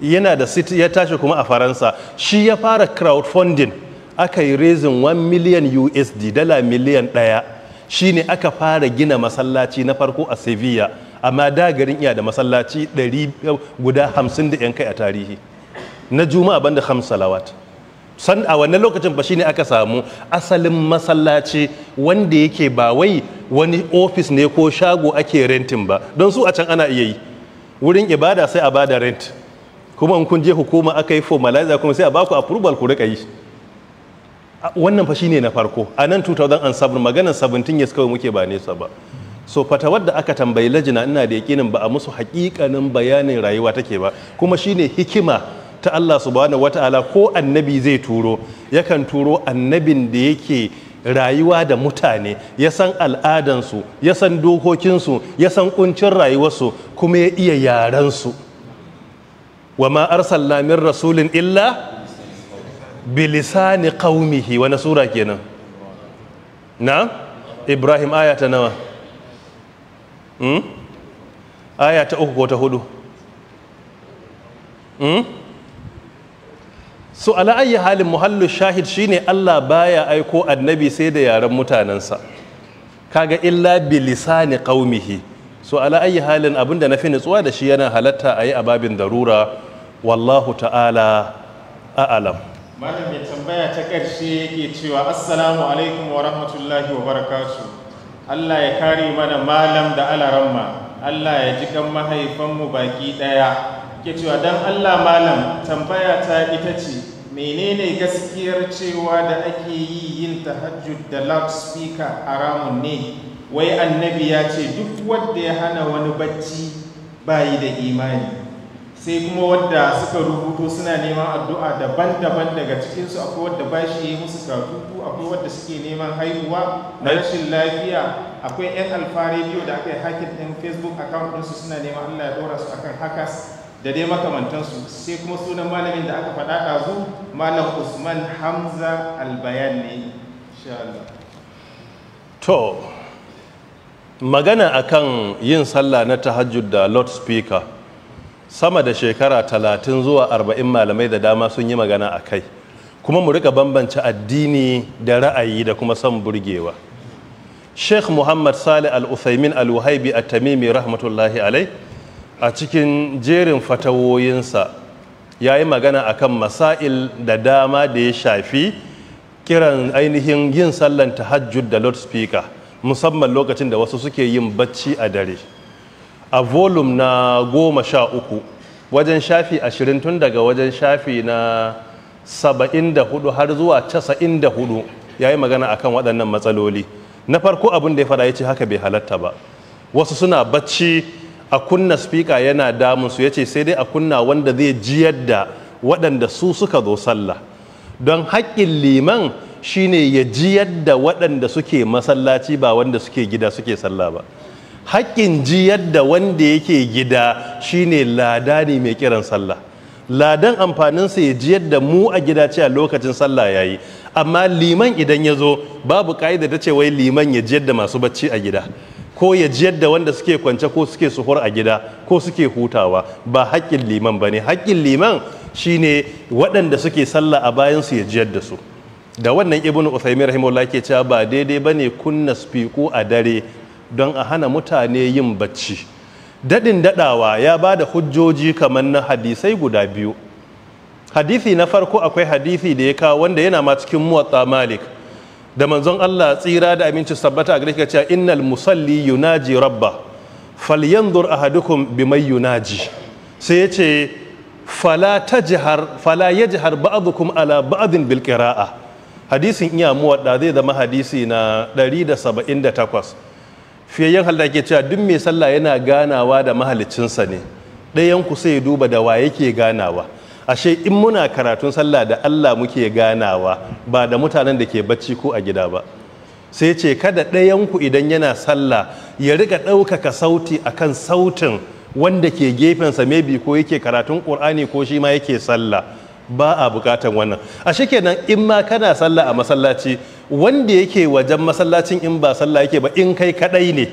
[SPEAKER 1] yana da city ya tashi kuma a faransa shi ya fara crowdfunding aka yi rezin 1 miliyan usd dala miliyan ɗaya shine aka fara gina masallaci na farko a sevilla amma da garin iya da masallaci eh, guda hamsin da yan kai a tarihi na juma'a banda hamsalawat san a wannan lokacin ba shine aka samu asalin masallaci wanda yake ba wai wani ofis ne ko shago ake rentin ba don su a can ana iya yi wurin ibada sai a bada rent kuma in kun je hukuma aka yi formalizer kuma sai a baku approval ku rika yi wannan fa ne na farko a nan 2007 maganar 17 years kawai muke ba nesa ba so fatawar da aka tambayi lajina ina da yakinin ba a musu hakikanin bayanin rayuwa take ba kuma shine hikima ta Allah subhanahu wataala ko annabi zai turo yakan turo annabin da yake rayuwa da mutane ya san al'adansu ya san dokokinsu ya san kuncin rayuwarsu kuma ya iya yarensu wa ma arsalna min rasulin illa bilisani qaumihi wani sura kenan na ibrahim ayata nawa hmm? ayata uku ko ta hudu hmm? so ala ayyi halin muhallu shahid shine Allah baya aiko annabi sai da yaren mutanensa kaga illa bilisani qaumihi so ala ayi halin abinda na fi nutsuwa da shi yana halatta a yi ababin darura wallahu ta'ala a'alam
[SPEAKER 2] malam mai tambaya ta ƙarshe yake cewa assalamu alaikum wa rahmatullahi wa barakatu Allah ya kare mana malam da alaramma Allah ya ji kan mahaifanmu baki ɗaya ke cewa don Allah malam tambaya ta ita ce menene gaskiyar cewa da ake yi yin tahajjud da loudspeaker ramun ne wai annabi ya ce duk wanda ya hana wani bacci bayi da imani sai kuma wadda suka rubuto suna neman addu'a daban-daban daga cikinsu akwai wadda ba shi yi musu a akwai wadda suke neman haihuwa na rashin lafiya akwai 'yan alfa rediyo da aka yi hakin ɗin facebook account ɗinsu suna neman allah ya ɗora su akan hakas da dai makamantansu sai kuma sunan malamin da aka faɗa ɗazu malam usman hamza albayan ne
[SPEAKER 1] to magana akan yin sallah na tahajjud da lord speaker sama da shekara talatin zuwa arba'in malamai da dama sun yi magana a kai kuma mu rika bambance addini da ra'ayi da kuma son burgewa sheikh muhammad salih al-uthaymin al-wahaibi a tamimi rahmatullahi alai a cikin jerin fatawoyinsa ya yi magana a kan masail da dama da ya shafi kiran ainihin yin sallan tahajjud da Lord Speaker, musamman lokacin da wasu suke yin bacci a dare a volum na goma sha uku wajen shafi ashirin tun daga wajen shafi na saba'in da hudu har zuwa casa'in da hudu ya yi magana a kan waɗannan matsaloli na farko abin da ya faɗa ya ce haka bai halatta ba wasu suna bacci a kunna spika yana damunsu ya ce sai dai a kunna wanda zai jiyar da waɗanda su suka zo sallah don haƙƙin liman shine ya jiyar da waɗanda suke masallaci ba wanda suke gida suke sallah ba haƙƙin jiyar da wanda yake gida shine lada ne mai kiran sallah ladan amfaninsa ya jiyar da mu a gida a lokacin sallah ya yi amma liman idan ya zo babu ƙa'ida ta ce wai liman ya jiyar da masu bacci a gida ko ya jiyar da wanda suke kwance ko suke suhur a gida ko suke hutawa ba haƙƙin liman ba ne haƙƙin liman shine waɗanda suke sallah a bayansu su ya jiyar da su da wannan ibn uthaymin rahimahullah ke cewa ba daidai bane kunna spiku a dare don a hana mutane yin bacci Daɗin daɗawa ya ba da hujjoji kamar na hadisai guda biyu hadisi na farko akwai hadisi da ya kawo wanda yana ma cikin muwatsa malik da manzon Allah tsira da aminci sabbata a gari ka cewa innal musalli yunaji rabba Fal falyanzur ahadukum bimay yunaji sai ya ce fala ya fala yajhar ba'dukum ala ba'adin bil hadisin iya muwadda zai zama hadisi na 178 fiyayyen halda ke cewa duk mai sallah yana ganawa da mahalicinsa ne ɗayan ku sai duba da wa yake ganawa ashe in muna karatun sallah da Allah muke ganawa ba da mutanen da ke bacci ko a gida ba sai ce kada ɗayan ku idan yana sallah ya riga ɗaukaka sauti akan sautin wanda ke gefensa maybe ko yake karatun ƙur'ani ko shi ma yake sallah ba a bukatan wannan a kenan in ma kana sallah a masallaci wanda yake wajen masallacin in ba sallah yake ba in kai kadai ne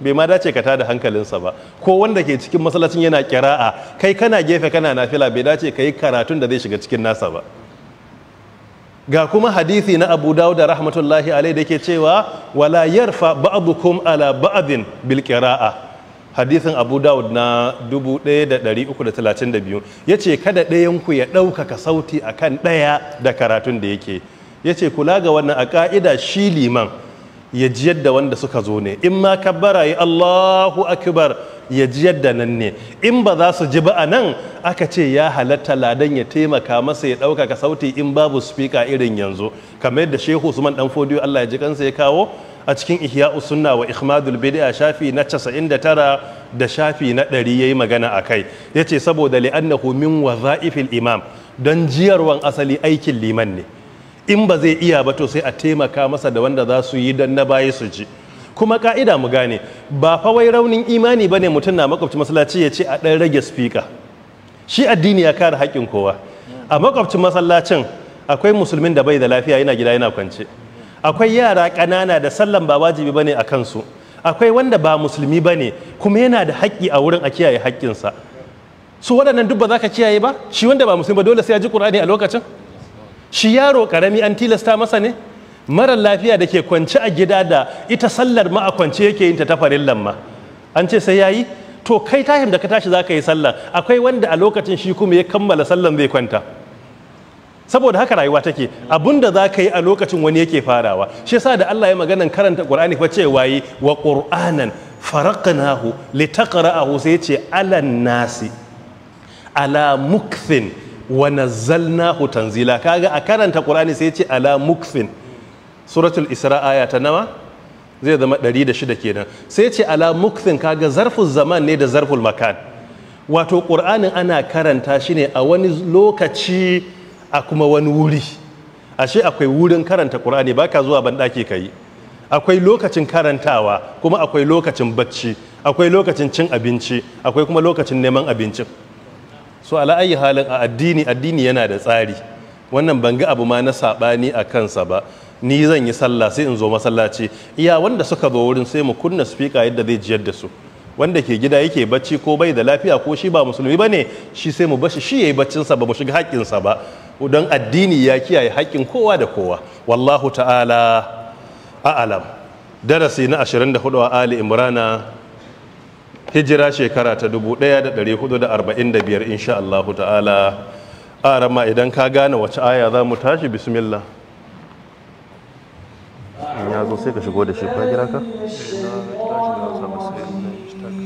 [SPEAKER 1] bai ma dace ka tada hankalinsa ba ko wanda ke cikin masallacin yana kira'a kai kana gefe kana nafila bai dace ka yi karatun da zai shiga cikin nasa ba ga kuma hadithi na abu dawuda rahmatullahi alai da ke cewa wala yarfa ba'dukum ala ba'din bilkira'a. hadisin abu dawud na 1332 ya ce kada ɗayanku ya ɗaukaka sauti a kan ɗaya da karatun da yake ya ce kula ga wannan a ƙa'ida shi liman ya ji yadda wanda suka zo ne in ma kabbara yi allahu akbar ya ji yadda nan ne in ba za su ji ba a nan aka ce ya halatta ladan ya taimaka masa ya ɗaukaka sauti in babu spika irin yanzu kamar yadda shehu usman dan fodiyo allah ya ji kansa ya kawo a cikin ihya sunna wa ikhmadul bid'a shafi na 99 da shafi na 100 yayi magana akai yace saboda annahu min wazaifil imam don jiyarwan asali aikin liman ne in ba zai iya ba to sai a taimaka masa da wanda za su yi dan na baya su ji kuma ka'ida mu gane ba fa wai raunin imani bane mutum na makwabci masallaci ya ce a ɗan rage spika shi addini ya kare haƙƙin kowa a makwabcin masallacin akwai musulmin da bai da lafiya yana gida yana kwance akwai yara ƙanana da sallan ba wajibi ne a kansu akwai wanda ba musulmi bane kuma yana da haƙƙi a wurin a kiyaye haƙƙinsa su waɗannan duk ba za ka kiyaye ba shi wanda ba musulmi ba dole sai ya ji ƙur'ani a lokacin shi yaro ƙarami an tilasta masa ne marar lafiya da ke kwance a gida da ita sallar ma a kwance yake yin ta ta farillan ma an ce sai yayi to kai tahim da ka tashi za ka yi sallar. akwai wanda a lokacin shi kuma ya kammala sallar zai kwanta saboda haka rayuwa take abinda za ka yi a lokacin wani yake farawa shi yasa da Allah ya maganan karanta Qur'ani fa cewa yi wa Qur'anan faraqnahu litaqra'ahu sai ya ce alan nasi ala mukthin wa nazzalnahu tanzila kaga a karanta Qur'ani sai ya ce ala mukthin suratul Isra aya ta nawa zai zama 106 kenan sai ce ala mukthin kaga zarful zaman ne da zarful makan wato Qur'anin ana karanta shi ne a wani lokaci a kuma wani wuri ashe akwai wurin karanta Ba ka zuwa banɗaki ka yi akwai lokacin karantawa kuma akwai lokacin bacci akwai lokacin cin abinci akwai kuma lokacin neman abincin so ala'ayi halin a addini addini yana da tsari wannan ban ga abu ma na saɓani a kansa ba ni zan yi sallah sai in zo masallaci iya wanda suka zo wurin sai mu kunna speaker yadda zai jiyar da su wanda ke gida yake bacci ko bai da lafiya ko shi ba musulmi ba ne? shi sai mu bashi shi ya yi baccinsa ba mu shiga haƙƙinsa ba don addini ya kiyaye haƙƙin kowa da kowa wallahu ta'ala a'alam darasi na 24 a ali imrana hijira shekara ta 1445 insha Allah ta'ala arama idan ka gane wace aya za mu tashi bismillah ya zo sai ka shigo da shi ka ka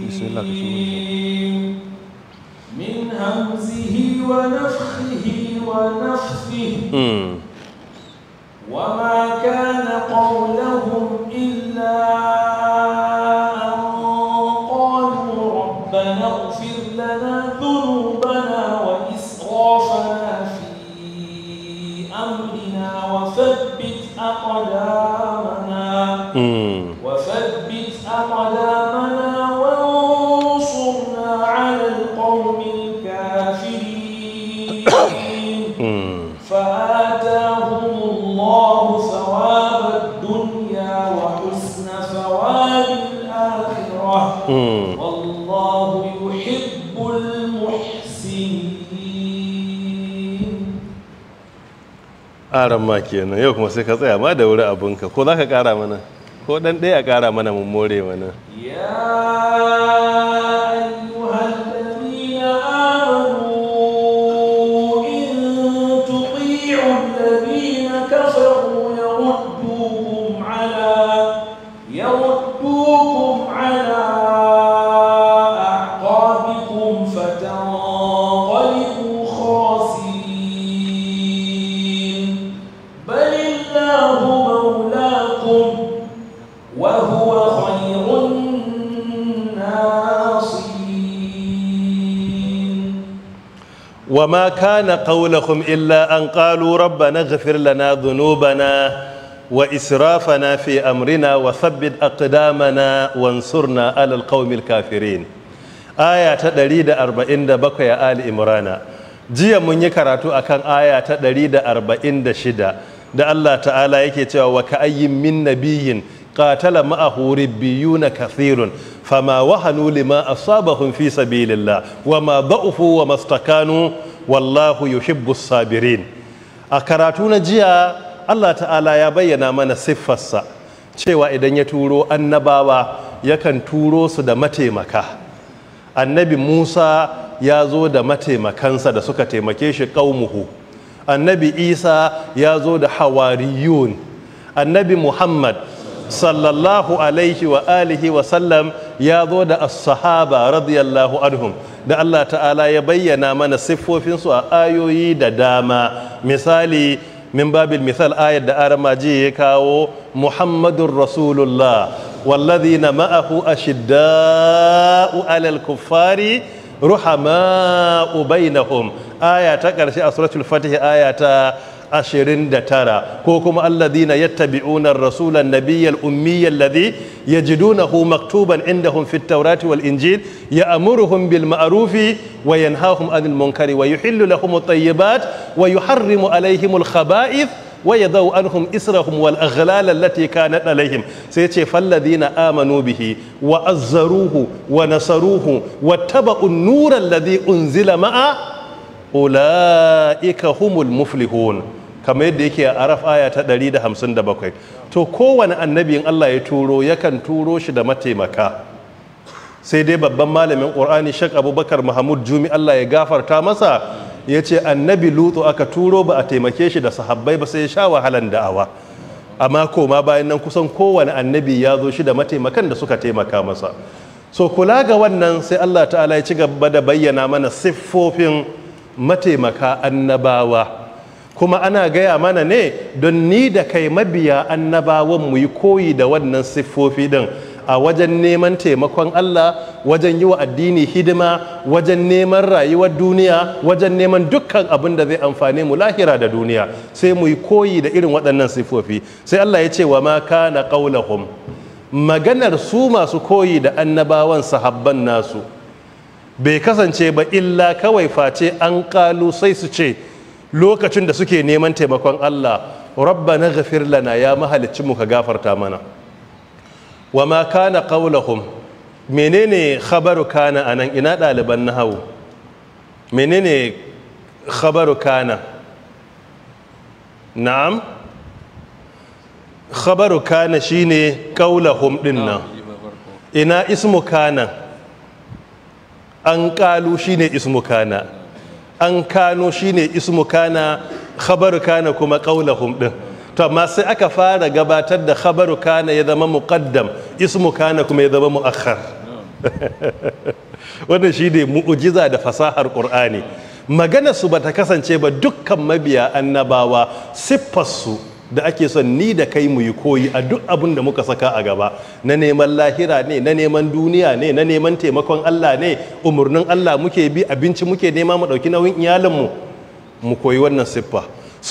[SPEAKER 1] bismillah ka shigo min
[SPEAKER 3] hamzihi wa nafsi ونفسه وما كان قولهم إلا
[SPEAKER 1] aran ma kenan yau kuma sai ka tsaya ma da wuri abinka ko za ka kara mana ko dan ɗaya a kara mana mun more mana وما كان قولهم إلا أن قالوا ربنا اغفر لنا ذنوبنا وإسرافنا في أمرنا وثبت أقدامنا وانصرنا على القوم الكافرين آية تدريد أربعين بقية آل إمرانا jiya mun yi karatu kan aya ta 146 da Allah ta'ala yake cewa wa ka'ayyin min nabiyyin qatala ma'ahu ribbiyuna kathirun fama wahanu lima asabahum fi sabilillah wama da'ufu wa mastakanu wallahu yuhibbu sabirin a karatu na jiya Allah ta'ala ya bayyana mana siffarsa cewa idan ya turo annabawa yakan turo su da mataimaka annabi Musa ya zo da mataimakansa da suka taimake shi ƙaumuhu annabi Isa ya zo da hawariyun annabi Muhammad sallallahu alaihi wa alihi wa sallam ya zo da as-sahaba radiyallahu anhum da Allah ta'ala ya bayyana mana siffofinsu a ayoyi da dama misali min babil misal ayar da aramaji ya kawo muhammadun rasulullah والذين معه أشداء على الكفار رحماء بينهم آية a سورة الفتح آية ashirin da tara ko kuma alladhina yattabi'una ar-rasula an-nabiyya al-ummiyya alladhi yajidunahu maktuban indahum fit tawrati wal injil ya'muruhum bil ma'rufi wa yanhahum 'anil munkari wa yuhillu lahum at-tayyibat wa yuharrimu 'alayhim al-khaba'ith ويضوا أنهم إسرهم والأغلال التي كانت عليهم سيتي فالذين آمنوا به وأزروه ونصروه واتبعوا النور الذي أنزل معه أولئك هم المفلحون kamar yadda yake a araf aya ta 157 to kowane annabi in Allah ya turo yakan turo shi da mataimaka sai dai babban malamin ƙur'ani shek abubakar mahmud jumi Allah ya gafarta masa ya ce annabi lutu aka turo ba a taimake shi da sahabbai ba sai ya sha wahalan da'awa amma koma bayan nan kusan kowane annabi ya zo shi da mataimakan da suka taimaka masa so kula ga wannan sai Allah ta'ala ya ci gaba da bayyana mana siffofin mataimaka annabawa kuma ana gaya mana ne don ni da kai mabiya annabawan mu yi koyi da wannan siffofi din a wajen neman taimakon Allah wajen yi wa addini hidima wajen neman rayuwar duniya wajen neman dukkan abin da zai amfani mu lahira da duniya sai mu yi koyi da irin waɗannan siffofi sai Allah ya ce wa ma kana qaulahum maganar su masu koyi da annabawan sahabban nasu bai kasance ba illa kawai face an kalu sai su ce lokacin da suke neman taimakon Allah Rabba na gafir lana ya mahalicci muka ka gafarta mana wa ma kana qawluhum menene khabaru kana anan ina daliban Mene menene khabaru kana na'am khabaru kana shine qawluhum dinnan ina ismu kana an qalu shine ismu kana an kano shine ismu kana khabaru kana kuma qaulahum din to amma sai aka fara gabatar da khabaru kana ya zama muqaddam ismu kana kuma ya zama muakhar wannan shine mu'jiza da fasahar qur'ani magana su bata kasance ba dukkan mabiya annabawa siffar su da ake son ni da kai mu yi koyi a duk abin da muka saka a gaba na neman lahira ne na neman duniya ne na neman taimakon Allah ne umarnin Allah muke bi abinci muke nema mu ɗauki nauyin iyalin mu mu koyi wannan siffa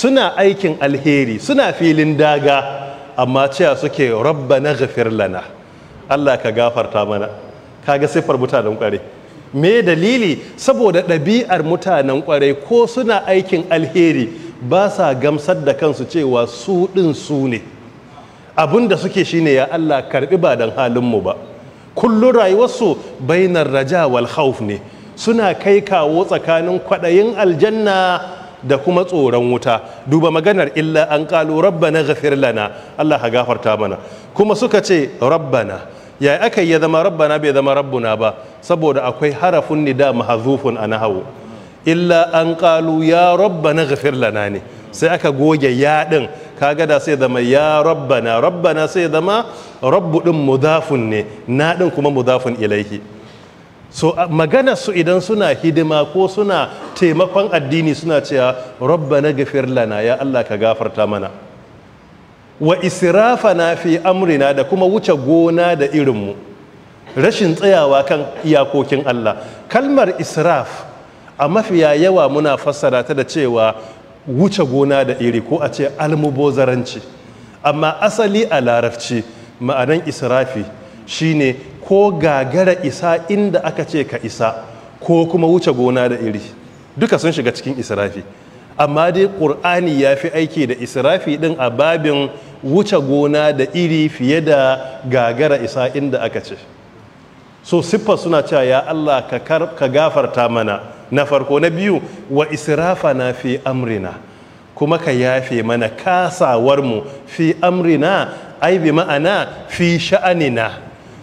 [SPEAKER 1] suna aikin alheri suna filin daga amma cewa suke rabbana na lana Allah ka gafarta mana kaga siffar mutanen kware me dalili saboda ɗabi'ar mutanen kware ko suna aikin alheri ba sa gamsar da kansu cewa su ɗin su ne abin da suke ne ya Allah karɓi ba don halinmu ba kullum rayuwarsu bainar raja wal hauf ne suna kai kawo tsakanin kwaɗayin aljanna da kuma tsoron wuta duba maganar illa an ƙalu rabbana gafir lana Allah ha gafarta mana kuma suka ce rabbana ya aka ya zama rabbana bai zama rabbuna ba saboda akwai harafin nida mahazufun a nahawu illa an ƙalu ya rabba ghafir lana ne sai aka goge yaɗin ɗin kaga da sai zama ya rabba na. Rabba na sai zama rabbu ɗin mudafun ne na ɗin kuma mudafun ilaihi so magana su idan suna hidima ko suna taimakon addini suna cewa na ghafir lana ya Allah ka gafarta mana wa na fi amrina da kuma wuce gona da irinmu rashin tsayawa kan iyakokin Allah kalmar israf a mafiya yawa muna fassara ta da cewa wuce gona da iri ko a ce almubozaranci amma asali a larabci ma'anan israfi shine ko gagara isa inda aka ce ka isa ko kuma wuce gona da iri duka sun shiga cikin israfi amma dai ƙur'ani ya fi aiki da israfi ɗin a babin wuce gona da iri fiye da gagara isa inda aka ce so siffar suna cewa ya allah ka gafarta mana na farko na biyu wa israfa na fi amrina kuma ka yafe mana kasawarmu fi amrina ai bi ma'ana fi sha'anina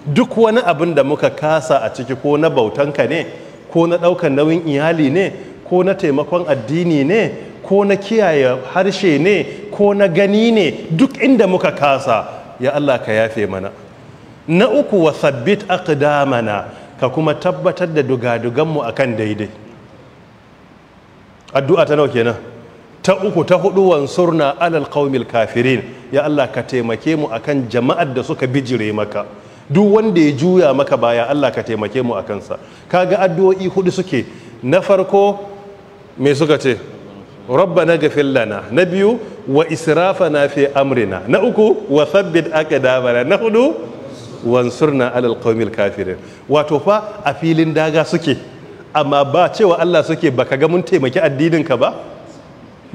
[SPEAKER 1] duk wani abin da muka kasa a ciki ko na bautanka ne ko na ɗaukan nauyin iyali ne ko na taimakon addini ne ko na kiyaye harshe ne ko na gani ne duk inda muka kasa ya Allah ka yafe mana na uku wa sabbit aqdamana ka kuma tabbatar da mu akan daidai addu'a ta nawa kenan ta uku ta hudu wansurna alal qaumil kafirin ya Allah ka taimake mu akan jama'ar da suka bijire maka duk wanda ya juya maka baya Allah ka taimake mu akan sa kaga addu'o'i hudu suke na farko me suka ce rabbana ga lana na biyu wa israfana fi amrina na uku wa thabbit aqdamana na hudu wansurna alal qaumil kafirin wato fa a filin daga suke amma ba cewa Allah suke baka ga mun taimaki addinin ka ba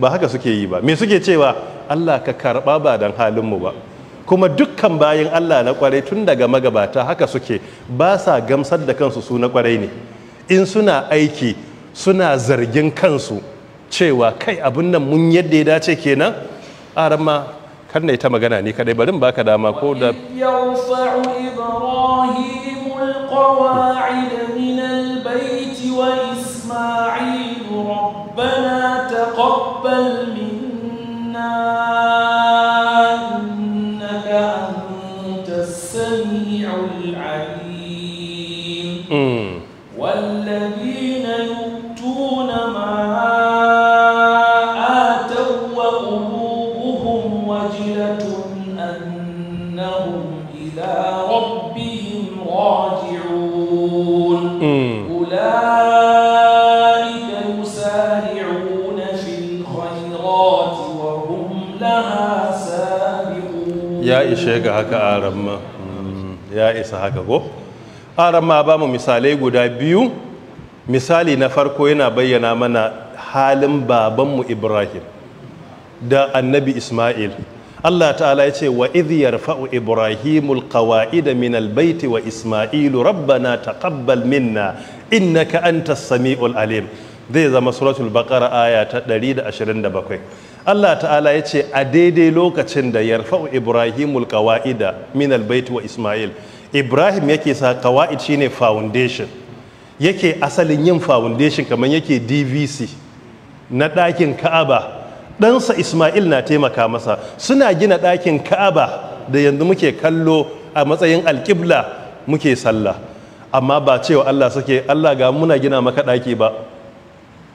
[SPEAKER 1] ba haka suke yi ba me suke cewa Allah ka karba ba dan halin mu ba kuma dukkan bayan Allah na kwarai tun daga magabata haka suke ba sa gamsar da kansu su na kwarai ne in suna aiki suna zargin kansu cewa kai abin nan mun yadda ya dace kenan aran ma kan na ta magana ne kadai barin baka dama ko da
[SPEAKER 3] yawsa'u ibrahimul qawa'id min وإسماعيل ربنا تقبل منا
[SPEAKER 1] ishe ga haka a mm, ya isa haka ko aramma ba mu misalai guda biyu misali na farko yana bayyana mana halin babanmu ibrahim da annabi ismail Allah ta'ala ya ce wa idh yarfa'u ibrahimul qawa'ida min albayti wa isma'ilu rabbana taqabbal minna innaka antas sami'ul alim zai zama suratul baqara aya ta 127 Allah ta'ala ya ce a daidai lokacin da ya rufa Ibrahimul qawaida min albayt wa Ismail Ibrahim yake sa kawaid shine foundation yake asalin yin foundation kamar yake DVC na ɗakin Ka'aba ɗansa Ismail na taimaka masa suna gina ɗakin Ka'aba da yanzu muke kallo a matsayin alƙibla muke sallah amma ba cewa Allah suke Allah ga muna gina maka ɗaki ba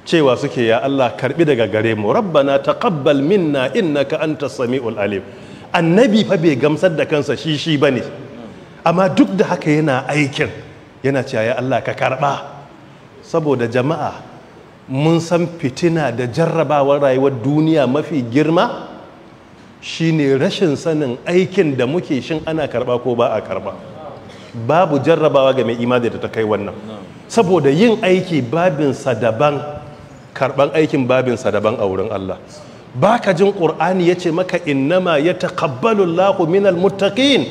[SPEAKER 1] cewa suke ya Allah karbi daga gare mu rabbana taqabbal minna innaka antas samiul alim annabi fa bai gamsar da kansa shi shi bane amma duk da haka yana aikin yana cewa ya Allah ka karba saboda jama'a mun san fitina da jarrabawar rayuwar duniya mafi girma shine rashin sanin aikin da muke shin ana karba ko ba a karba babu jarrabawa ga mai imani da ta kai wannan saboda yin aiki babinsa daban karban aikin babinsa daban a wurin Allah Ba ka jin ya ce maka innama yataqabbalu Allahu minal muttaqin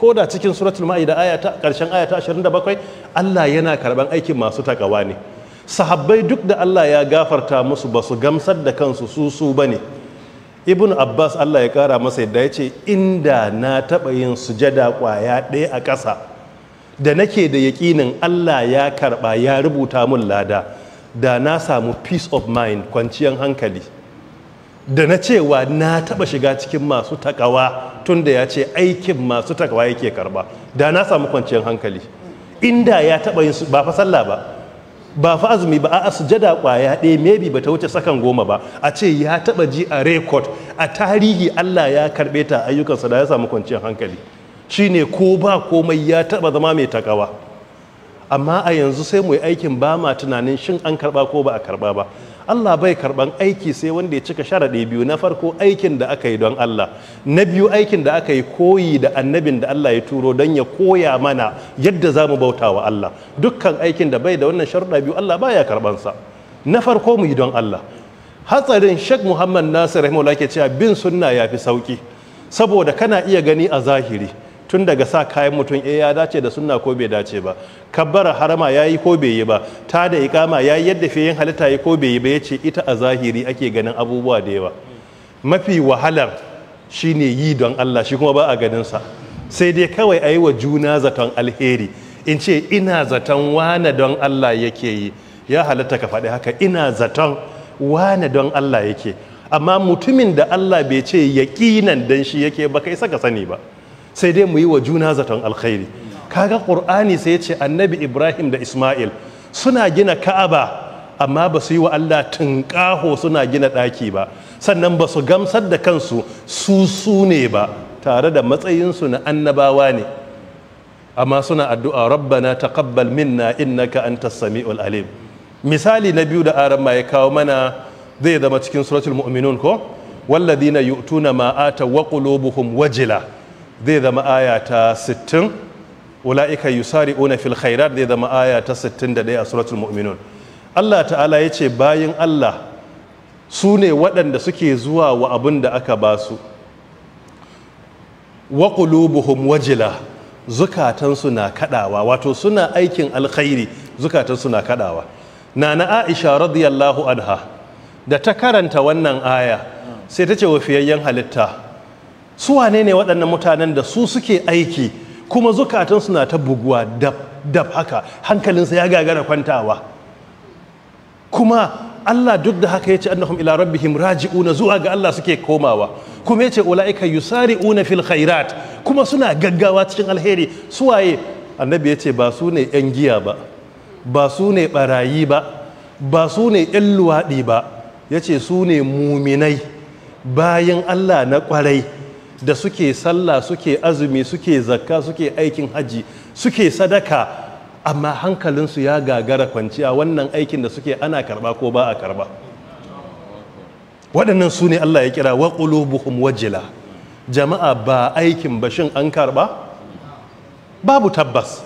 [SPEAKER 1] ko da cikin suratul ma'ida da ayata karshen aya 27 Allah yana karban aikin masu takawa ne sahabbai duk da Allah ya gafarta musu ba su gamsar da kansu su su ne. ibn abbas Allah ya ƙara masa yadda ya ce inda na taɓa yin sujada ƙwaya ɗaya a ƙasa da nake da yaƙinin Allah ya karɓa ya rubuta mun lada da na samu peace of mind kwanciyar hankali da na cewa na taba shiga cikin masu takawa tun da ya ce aikin masu takawa yake karba da na samu kwanciyar hankali inda ya taba yin su ba fa sallah ba ba fa azumi ba a sujada kwaya ɗaya maybe ba ta wuce sakan goma ba a ce ya taba ji a record a tarihi Allah ya karbe ta ayyukansa da ya samu kwanciyar hankali shine ko ba komai ya taba zama mai takawa amma a yanzu sai mu yi aikin ba ma tunanin shin an karba ko ba a karba ba Allah bai karban aiki sai wanda ya cika sharaɗe biyu na farko aikin da aka yi don Allah na biyu aikin da aka yi koyi da annabin da Allah ya turo don ya koya mana yadda za mu bauta wa Allah dukkan aikin da bai da wannan sharaɗa biyu Allah baya karbansa na farko mu yi don Allah hatsarin Sheikh Muhammad Nasir rahimahullah ke cewa bin sunna ya fi sauki saboda kana iya gani a zahiri tun daga sa kayan mutum eh ya dace da sunna ko bai dace ba kabbara harama yi ko bai yi ba ta da ikama yayi yadda fiyin halitta ya ko bai yi ba ya ce ita a zahiri ake ganin abubuwa da yawa mafi wahalar shi ne yi don Allah shi kuma ba a ganinsa. sai dai kawai a yi wa juna zaton alheri in ce ina zaton wane don Allah yake yi ya halatta ka faɗi haka ina zaton wane don Allah yake amma mutumin da Allah bai ce yaƙinan don shi yake ba kai saka sani ba sai dai mu yi wa juna zaton alkhairi kaga qur'ani sai ce annabi ibrahim da isma'il suna gina ka'aba amma ba su yi wa allah tunƙaho suna gina ɗaki ba sannan ba su gamsar da kansu su su ne ba tare da matsayinsu na annabawa ne amma suna addu'a rabbana taqabbal minna innaka antas sami'ul alim misali na biyu da aran ma ya kawo mana zai zama cikin suratul mu'minun ko والذين يؤتون ما آتوا وقلوبهم وجلة zai zama aya ta 60 ula'ika yusari'una fil khairat zai zama aya ta 61 a suratul mu'minun Allah ta'ala ya ce bayin Allah su ne waɗanda suke zuwa wa abin da aka ba su wa qulubuhum wajila zukatansu na kaɗawa. wato suna aikin alkhairi zukatansu na kadawa nana Aisha radiyallahu anha da ta karanta wannan aya sai ta ce wa fiyayyen halitta su wane ne waɗannan mutanen da su suke aiki kuma zukatansu na ta buguwa dab haka hankalinsa ya gagara kwantawa kuma Allah duk da haka ya ce annahum ila rabbihim raji'una zuwa ga Allah suke komawa kuma ya yace ulaika yusari'una fil khairat kuma suna gaggawa cikin alheri Su waye annabi ya ce ba su ne yan giya ba ba su ne barayi ba ba su ne yan luwaɗi ba yace su ne muminai bayan Allah na kwarai da suke sallah suke azumi suke zakka suke aikin haji suke sadaka amma hankalinsu ya gagara kwanciya wannan aikin da suke ana karba ko ba a karba waɗannan su ne Allah ya kira waƙulo qulubuhum wajila jama'a ba aikin bashin an karba babu tabbas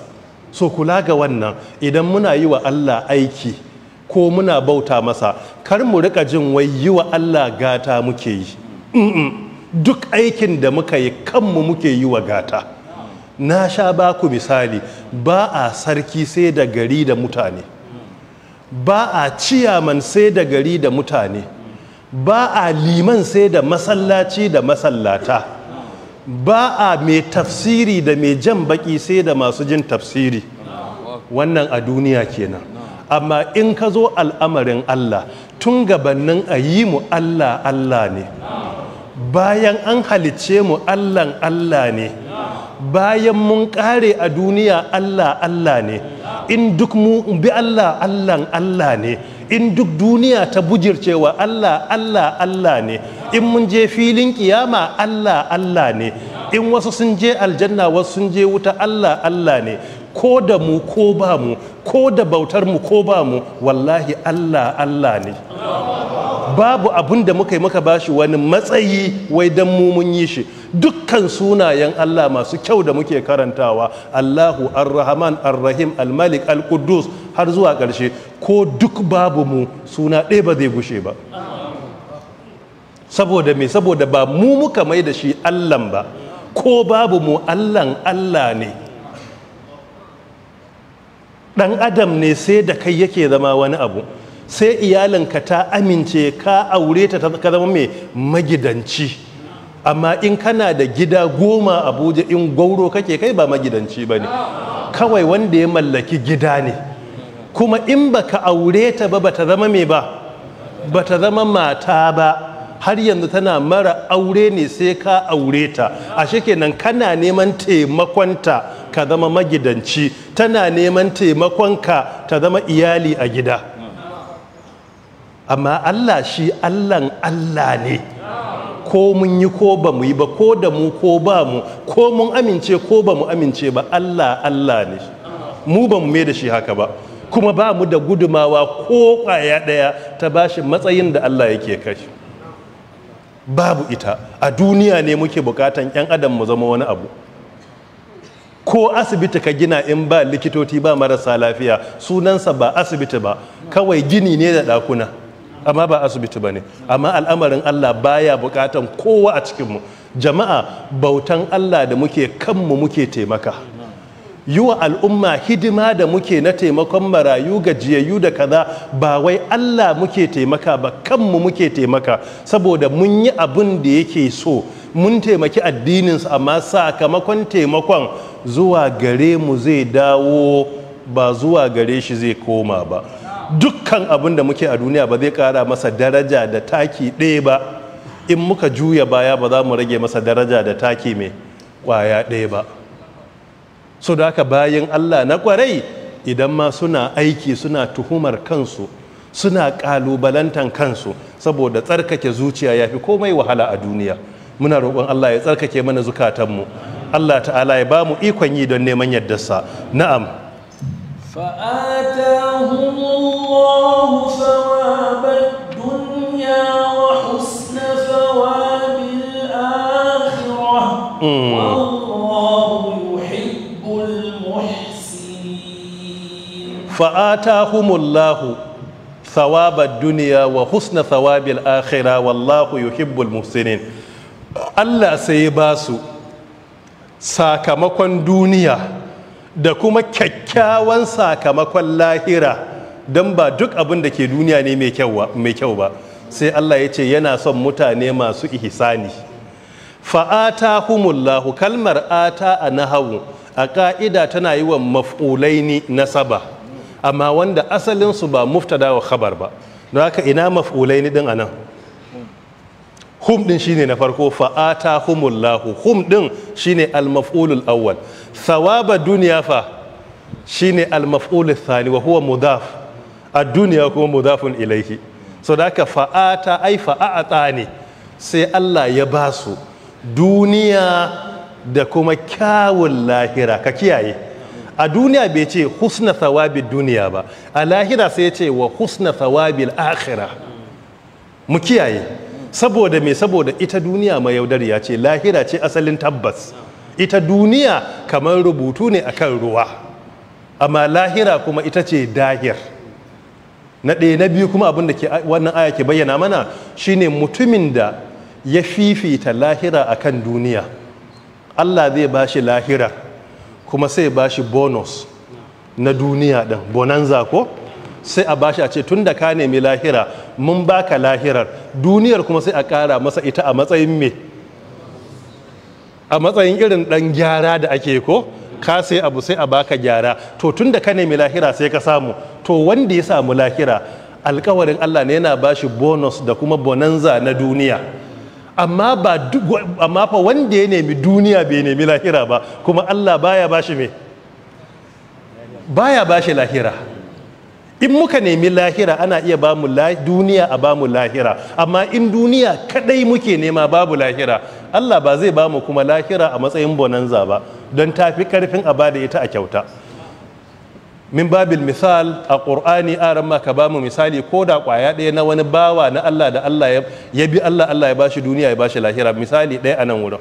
[SPEAKER 1] so kula ga wannan idan muna yi wa Allah aiki ko muna bauta masa kar mu rika jin wai yi wa Allah gata muke yi duk aikin da muka yi kanmu muke yi wa gata na sha ba ku misali ba a sarki sai da gari da mutane ba a ciyaman sai da gari da mutane ba a liman sai da masallaci da masallata ba a mai tafsiri da mai jan baki sai da masu jin tafsiri wannan a duniya kenan amma in ka zo al'amarin Allah tun gabannin a yi mu Allah Allah ne bayan an halicce mu allan allah ne bayan mun kare a duniya allah allah ne in duk mu bi allah allan allah ne in duk duniya ta bujircewa Allah Allah Allah ne in mun je filin kiyama Allah Allah ne in wasu sun je aljanna wasu sun je wuta Allah Allah ne ko da mu ko ba mu ko da bautar mu ko ba mu wallahi Allah Allah ne babu abin da muka yi muka bashi wani matsayi wai don mu mun yi shi dukkan sunayen Allah masu kyau da muke karantawa Allahu Ar-Rahman Ar-Rahim Al-Malik Al-Quddus har zuwa ƙarshe ko duk babu mu suna ɗaya ba zai gushe ba saboda me saboda ba mu muka mai da shi Allahn ba ko babu mu Allahn Allah ne ɗan adam ne sai da kai yake zama wani abu sai iyalinka ta amince ka aure ta ka zama mai magidanci amma in kana da gida goma abuja in gauro kake kai ba magidanci ba ne kawai wanda ya mallaki gida ne kuma in baka aure ta ba bata zama mai ba bata zama mata ba har yanzu tana mara aure ne sai ka aure ta a kenan kana neman taimakonta ka zama magidanci tana neman taimakonka ta zama iyali a gida amma Allah shi Allahn Allah ne ko mun yi ko ba mu yi ba ko da mu ko ba mu ko mun amince ko ba mu amince ba Allah Allah ne mu ba mu mai da shi haka ba kuma ba mu da gudumawa ko kwaya ɗaya ta bashi matsayin da Allah yake kashi babu ita a duniya ne muke bukatan 'yan adam mu zama wani abu ko asibiti ka gina in ba likitoti ba marasa lafiya sunansa ba asibiti ba kawai gini ne da ɗakuna amma ba asibiti ba ne amma al'amarin allah baya bukatan kowa a cikinmu jama'a bautan allah da muke kanmu muke taimaka yi wa al'umma hidima da muke na taimakon marayu gajiyayyu da kaza ba wai allah muke taimaka ba kanmu muke taimaka saboda mun yi abin da yake so mun taimaki addininsu amma sakamakon taimakon zuwa gare mu zai dawo ba zuwa gare shi zai koma ba dukkan abin da muke a duniya ba zai kara masa daraja da taki ɗaya ba in muka juya baya ba za mu rage masa daraja da taki mai kwaya ɗaya ba so da haka bayan allah na kwarai idan ma suna aiki suna tuhumar kansu suna kalubalantan kansu saboda tsarkake zuciya ya fi komai wahala a duniya muna roƙon allah ya tsarkake mana zukatanmu allah ta'ala ya ba mu ikon yi don neman yardarsa na'am فآتاهم
[SPEAKER 3] الله ثواب الدنيا وحسن ثواب الآخرة
[SPEAKER 1] والله
[SPEAKER 3] يحب
[SPEAKER 2] المحسنين
[SPEAKER 1] فآتاهم الله ثواب الدنيا وحسن ثواب الآخرة والله يحب المحسنين Allah sai ya ba su sakamakon duniya da kuma kyakkyawan sakamakon lahira don ba duk abin da ke duniya ne mai kyau ba sai Allah ya ce yana son mutane masu ihsani fa'ata humullahu kalmar ata a nahawu a ƙa'ida tana yi wa na nasaba amma wanda asalinsu ba muftada wa khabar ba don haka ina maf'ulaini din anan hum din shine na farko fa'ata humullahu hum din shine al-maf'ulul awwal thawaba duniya fa shine al-maf'ul thani wa huwa mudaf ad-dunya kuma mudafun ilaihi so da aka fa'ata ai fa'ata ne sai Allah ya ba su duniya da kuma kyawun lahira ka kiyaye a duniya bai ce husna thawabi duniya ba a lahira sai ce wa husna thawabi akhira mu kiyaye saboda me saboda ita duniya mai ya ce lahira ce asalin tabbas ita duniya kamar rubutu ne akan ruwa amma lahira kuma ita ce dahir na ɗaya na biyu kuma abinda ke wannan aya ke bayyana mana shine mutumin da ya fifita lahira akan duniya Allah zai ba shi lahira kuma sai ba shi bonus na duniya ɗin bonanza ko sai a bashi a ce tun da ka nemi lahira mun baka lahirar duniyar kuma sai a kara masa ita a matsayin me a matsayin irin ɗan gyara da ake ko ka sai abu sai a baka gyara to tun da ka nemi lahira sai ka samu to wanda ya samu lahira alkawarin Allah ne yana bashi bonus da kuma bonanza na duniya amma ba amma fa wanda ya nemi duniya bai nemi lahira ba kuma Allah baya bashi me baya bashi lahira in muka nemi lahira ana iya ba mu duniya a ba mu lahira amma in duniya kadai muke nema babu lahira Allah ba zai ba mu kuma lahira a matsayin bonanza ba don tafi karfin a ba da ita a kyauta min babil misal a ƙur'ani aran ma ka ba mu misali ko da ƙwaya ɗaya na wani bawa na Allah da Allah ya bi Allah Allah ya bashi duniya ya bashi lahira misali ɗaya a nan wurin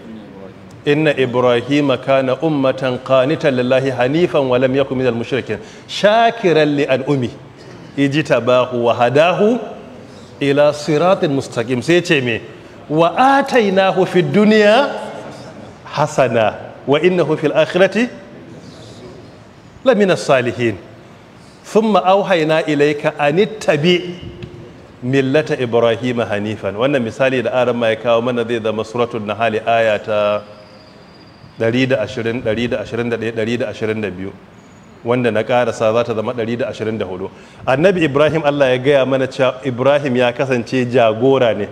[SPEAKER 1] inna ibrahima kana ummatan qanitan lillahi hanifan wa lam yakun minal mushrikin shakiran li an'umi ijtabahu wa hadahu ila siratin mustaqim sai ce me wa atainahu fid dunya hasana wa innahu fil akhirati lamina salihin thumma auhayna ilayka anittabi millata ibrahima hanifan wannan misali da aran ya kawo mana zai zama suratul nahali aya ta 121 wanda na karasa za ta zama 124 annabi ibrahim allah ya gaya mana cewa ibrahim ya kasance jagora ne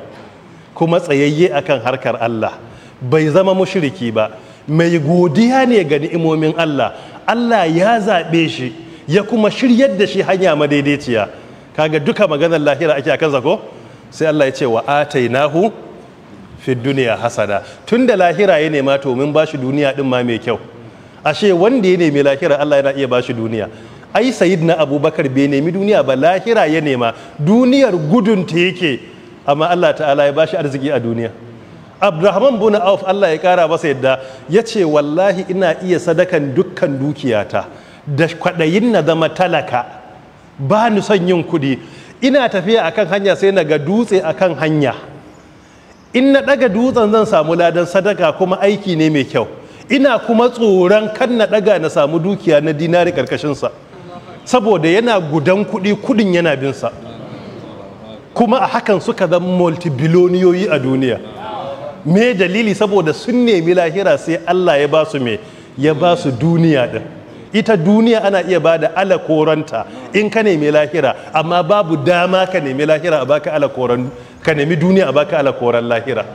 [SPEAKER 1] kuma tsayayye akan harkar allah bai zama mushiriki ba mai godiya ne ga ni'imomin allah allah ya zaɓe shi ya kuma shiryar da shi hanya madaidaiciya kaga duka maganar lahira ake akan zako sai allah ya ce wa tainahu? fi duniya hasada tun da lahira ya nema to mun bashi duniya din ma mai kyau ashe wanda ya nemi lahira Allah yana iya shi duniya ai sayid na abubakar bai nemi duniya ba lahira ya nema duniyar gudun ta yake amma Allah ta'ala ya bashi arziki a duniya bu bin auf Allah ya kara masa yadda ya ce wallahi ina iya sadakan dukkan dukiyata da kwaɗayin na zama talaka ba ni son yin kuɗi ina tafiya akan hanya sai na ga dutse akan hanya in na ɗaga dutsen zan samu ladan sadaka kuma aiki ne mai kyau ina kuma tsoron kan na ɗaga na samu dukiya na dinari ƙarƙashinsa saboda yana gudan kuɗi kuɗin yana binsa kuma a hakan suka zan multibiloniyoyi a duniya me dalili saboda sun nemi lahira sai allah ya ba su me ya ba su duniya ɗin ita duniya ana iya ba bada alakoranta in ka nemi lahira amma babu dama ka nemi lahira a baka alakoran ka nemi duniya a baka alakoran lahira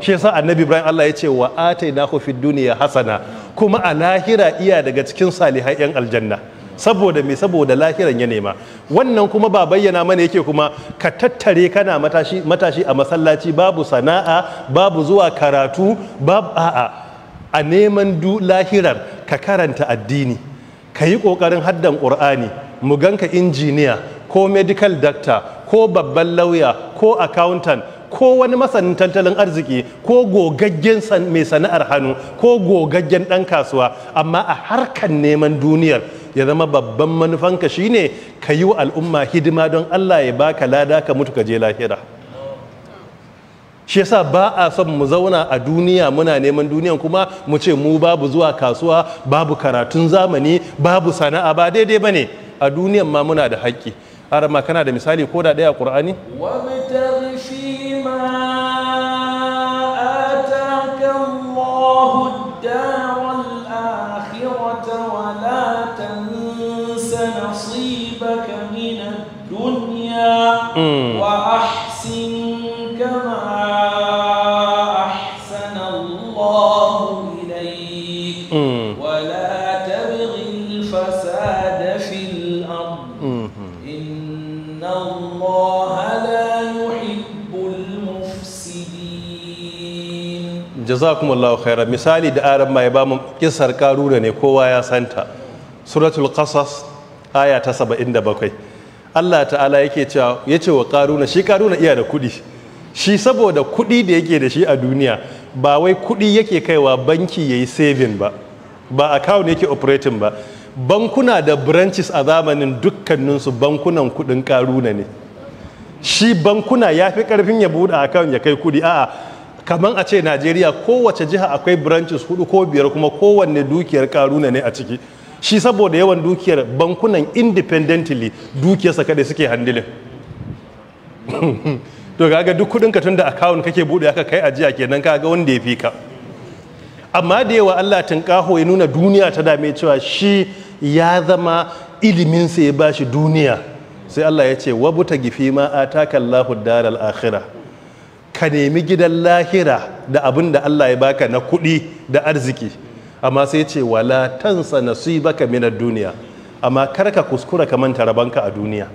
[SPEAKER 1] shi yasa annabi ibrahim allah ya ce wa na fid duniya hasana kuma a lahira iya daga cikin salihai yan aljanna saboda me saboda lahiran ya nema wannan kuma ba bayyana mana yake kuma ka tattare kana matashi matashi a masallaci babu sana'a babu zuwa karatu babu a'a a neman du lahirar ka karanta addini ka yi ƙoƙarin haddan ƙur'ani mu ganka injiniya ko medical doctor ko babban lauya ko accountant ko wani masanin tattalin arziki ko gogaggen mai sana'ar hannu ko gogaggen ɗan kasuwa amma a harkar neman duniyar ya zama babban manufanka shine ka yi wa al'umma hidima don allah ya baka lada ka mutu ka je lahira shi yasa ba a son mu zauna a duniya muna neman duniyan kuma mu ce mu babu zuwa kasuwa babu karatun zamani babu sana'a ba daidai bane a duniyan ma muna da haƙƙi ma kana da misali ko da ɗaya ƙur'ani
[SPEAKER 3] wabtaghi
[SPEAKER 1] Allahu khaira misali da aran mai ba mu kisar karuna ne kowa ya santa suratul qasas aya ta 77 Allah ta'ala yake cewa yace wa karuna shi karuna iya da kudi shi saboda kudi da yake da shi a duniya ba wai kudi yake kaiwa banki yayi saving ba ba account yake operating ba bankuna da branches a zamanin dukkaninsu bankunan kudin karuna ne shi bankuna ya fi karfin ya buɗe account ya kai kudi a'a kamar a ce najeriya kowace jiha akwai branches hudu ko biyar kuma kowanne dukiyar karuna ne a ciki shi saboda yawan dukiyar bankunan independently dukiyarsa kada suke handilin to kaga duk kudin ka tunda account kake bude aka kai ajiya kenan kaga wanda ya fi ka amma da yawa Allah kaho ya nuna duniya ta dame cewa shi ya zama iliminsa ya bashi duniya sai Allah ya ce wabuta gifi ma ataka Allahu daral akhirah ka nemi gidan lahira da abin da Allah ya baka na kuɗi da arziki amma sai ce wala tansa baka minar duniya amma kar ka kuskura ka manta rabanka a duniya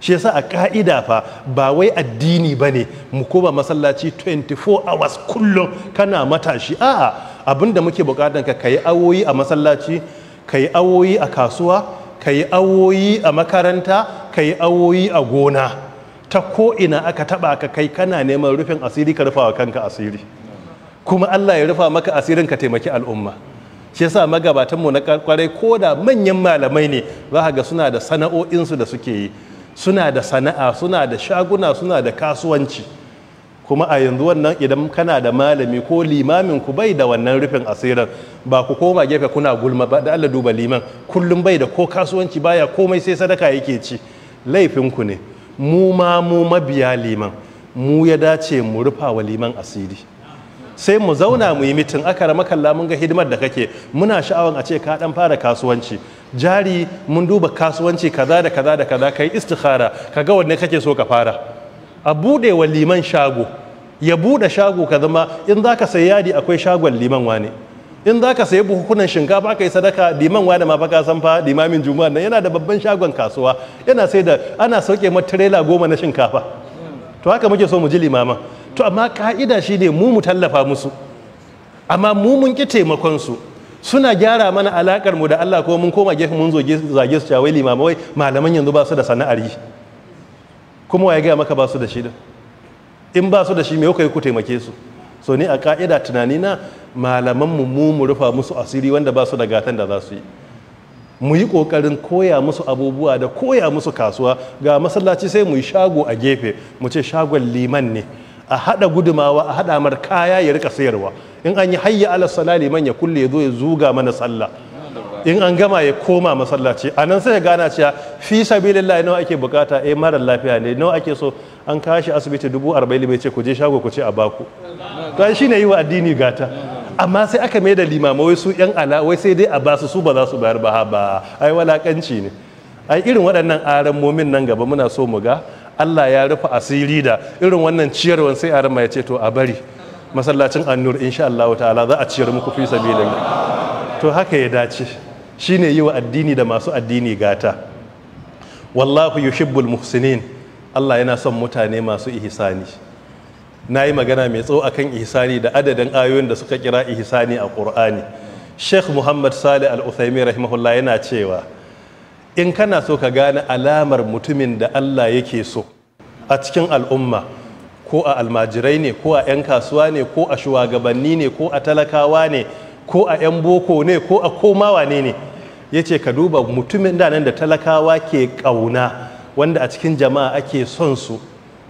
[SPEAKER 1] shi yasa a ka'ida fa ba wai addini bane mu koma masallaci 24 hours kullum kana matashi a'a da muke bukatar ka kayi awoyi a masallaci kayi awoyi a kasuwa kayi awoyi a makaranta kayi awoyi a gona ta ko'ina aka taba ka kai kana neman rufin asiri ka rufa wa kanka asiri kuma Allah ya rufa maka asirin ka taimaki al'umma shi yasa magabatan na kwarai ko da manyan malamai ne za ga suna da sana'o'insu da suke yi suna da sana'a suna da shaguna suna da kasuwanci kuma a yanzu wannan idan kana da malami ko limamin ku bai da wannan rufin asirin ba ku koma gefe kuna gulma ba da Allah duba liman kullum bai da ko kasuwanci baya komai sai sadaka yake ci laifin ku ne mu ma mu mabiya liman mu ya dace mu rufa wa liman asiri sai mu zauna mu yi mitin aka rama kalla mun ga hidimar da kake muna sha'awan a ce ka dan fara kasuwanci jari mun duba kasuwanci kaza da kaza da kaza kai istikhara ga wanne kake so ka fara a bude wa liman shago ya bude shago ka zama in zaka sayi yadi akwai shagon liman wane in za ka sayi buhunan shinkafa ka yi sadaka liman da ma baka san fa limamin juma'a nan yana da babban shagon kasuwa yana sai da ana sauke ma tirela goma na shinkafa to haka muke so mu ji limaman to amma ka'ida shi ne mu mu tallafa musu amma mu mun ki taimakon su suna gyara mana alakar mu da Allah ko mun koma gefe mun zage su cawai wai malaman yanzu ba su da sana'ar yi kuma ya gaya maka ba su da shi in ba su da shi me kuka yi ku taimake su so ni a ka'ida na malaman mu mu rufa musu asiri wanda ba su da gatan da za su yi mu yi kokarin koya musu abubuwa da koya musu kasuwa ga masallaci sai mu yi shago a gefe mu ce shagon liman ne a hada gudumawa a hada mar kaya ya rika sayarwa in an yi hayya ala sala liman ya kulle ya zo ya zuga mana sallah in an gama ya koma masallaci a nan sai ya gana cewa fi sabilillah nawa ake bukata eh mara lafiya ne nawa ake so an kashi asibiti dubu arba'in bai ce ku je shago ku ce a baku to shi ne yi wa addini gata amma sai aka mai da limamai su yan ala wai sai dai a basu su ba za su bayar ba ba ai walakanci ne ai irin waɗannan aran momin nan gaba muna so mu ga Allah ya rufe asiri da irin wannan ciyarwan sai aran ma ya ce to a bari masallacin annur insha Allah ta'ala za a ciyar muku fi sabilin to haka ya dace shine yi wa addini da masu addini gata wallahu yuhibbul muhsinin Allah yana son mutane masu ihsani na yi magana mai tsawo akan ihsani da adadin ayoyin da suka kira ihsani a ƙur'ani sheikh muhammad salih al-uthaimi rahimahullah yana cewa in kana so ka gane alamar mutumin da Allah yake so a cikin al'umma ko a almajirai ne ko a 'yan kasuwa ne ko a shugabanni ne ko a talakawa ne ko a 'yan boko ne ko a komawa ne ne ya ce ka duba mutumin da nan da talakawa ke ƙauna wanda a cikin jama'a ake son su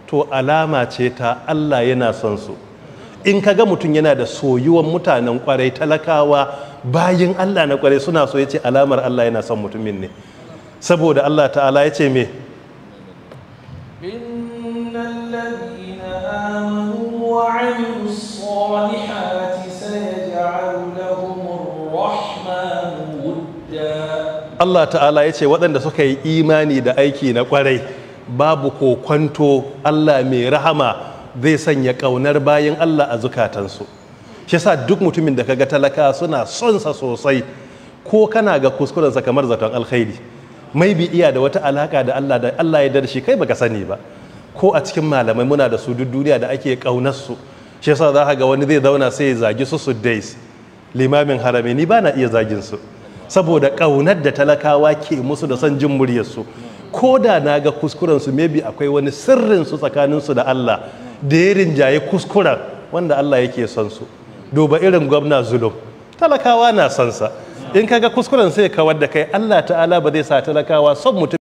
[SPEAKER 1] to alama ce ta Allah yana son su in ka ga mutum yana da soyuwan mutanen kwarai talakawa bayin Allah na kwarai suna so ya ce alamar Allah yana son mutumin ne saboda Allah ta'ala ya ce me
[SPEAKER 3] innal ladina amanu
[SPEAKER 1] Allah ta'ala ya ce waɗanda suka yi imani da aiki na ƙwarai babu kokwanto Allah mai rahama zai sanya ƙaunar bayan Allah a zukatansu shi sa duk mutumin da ka ga talaka suna sonsa sosai ko kana ga kuskurensa kamar zaton alkhairi mai bi iya da wata alaka da Allah da Allah ya da shi kai baka sani ba ko a cikin malamai muna da su duk duniya da ake ƙaunar su shi yasa za ga wani zai zauna sai ya zagi su su dais limamin harami ni bana iya zagin su saboda ƙaunar da talakawa ke musu da son jin muryarsu ko da na ga kuskurensu maybe akwai wani sirrinsu tsakaninsu da Allah da ya rinjaye kuskuren wanda Allah yake son su duba irin gwamna zulum talakawa na son sa in ga kuskuren sai kawar da kai Allah ta'ala ba zai sa talakawa son mutum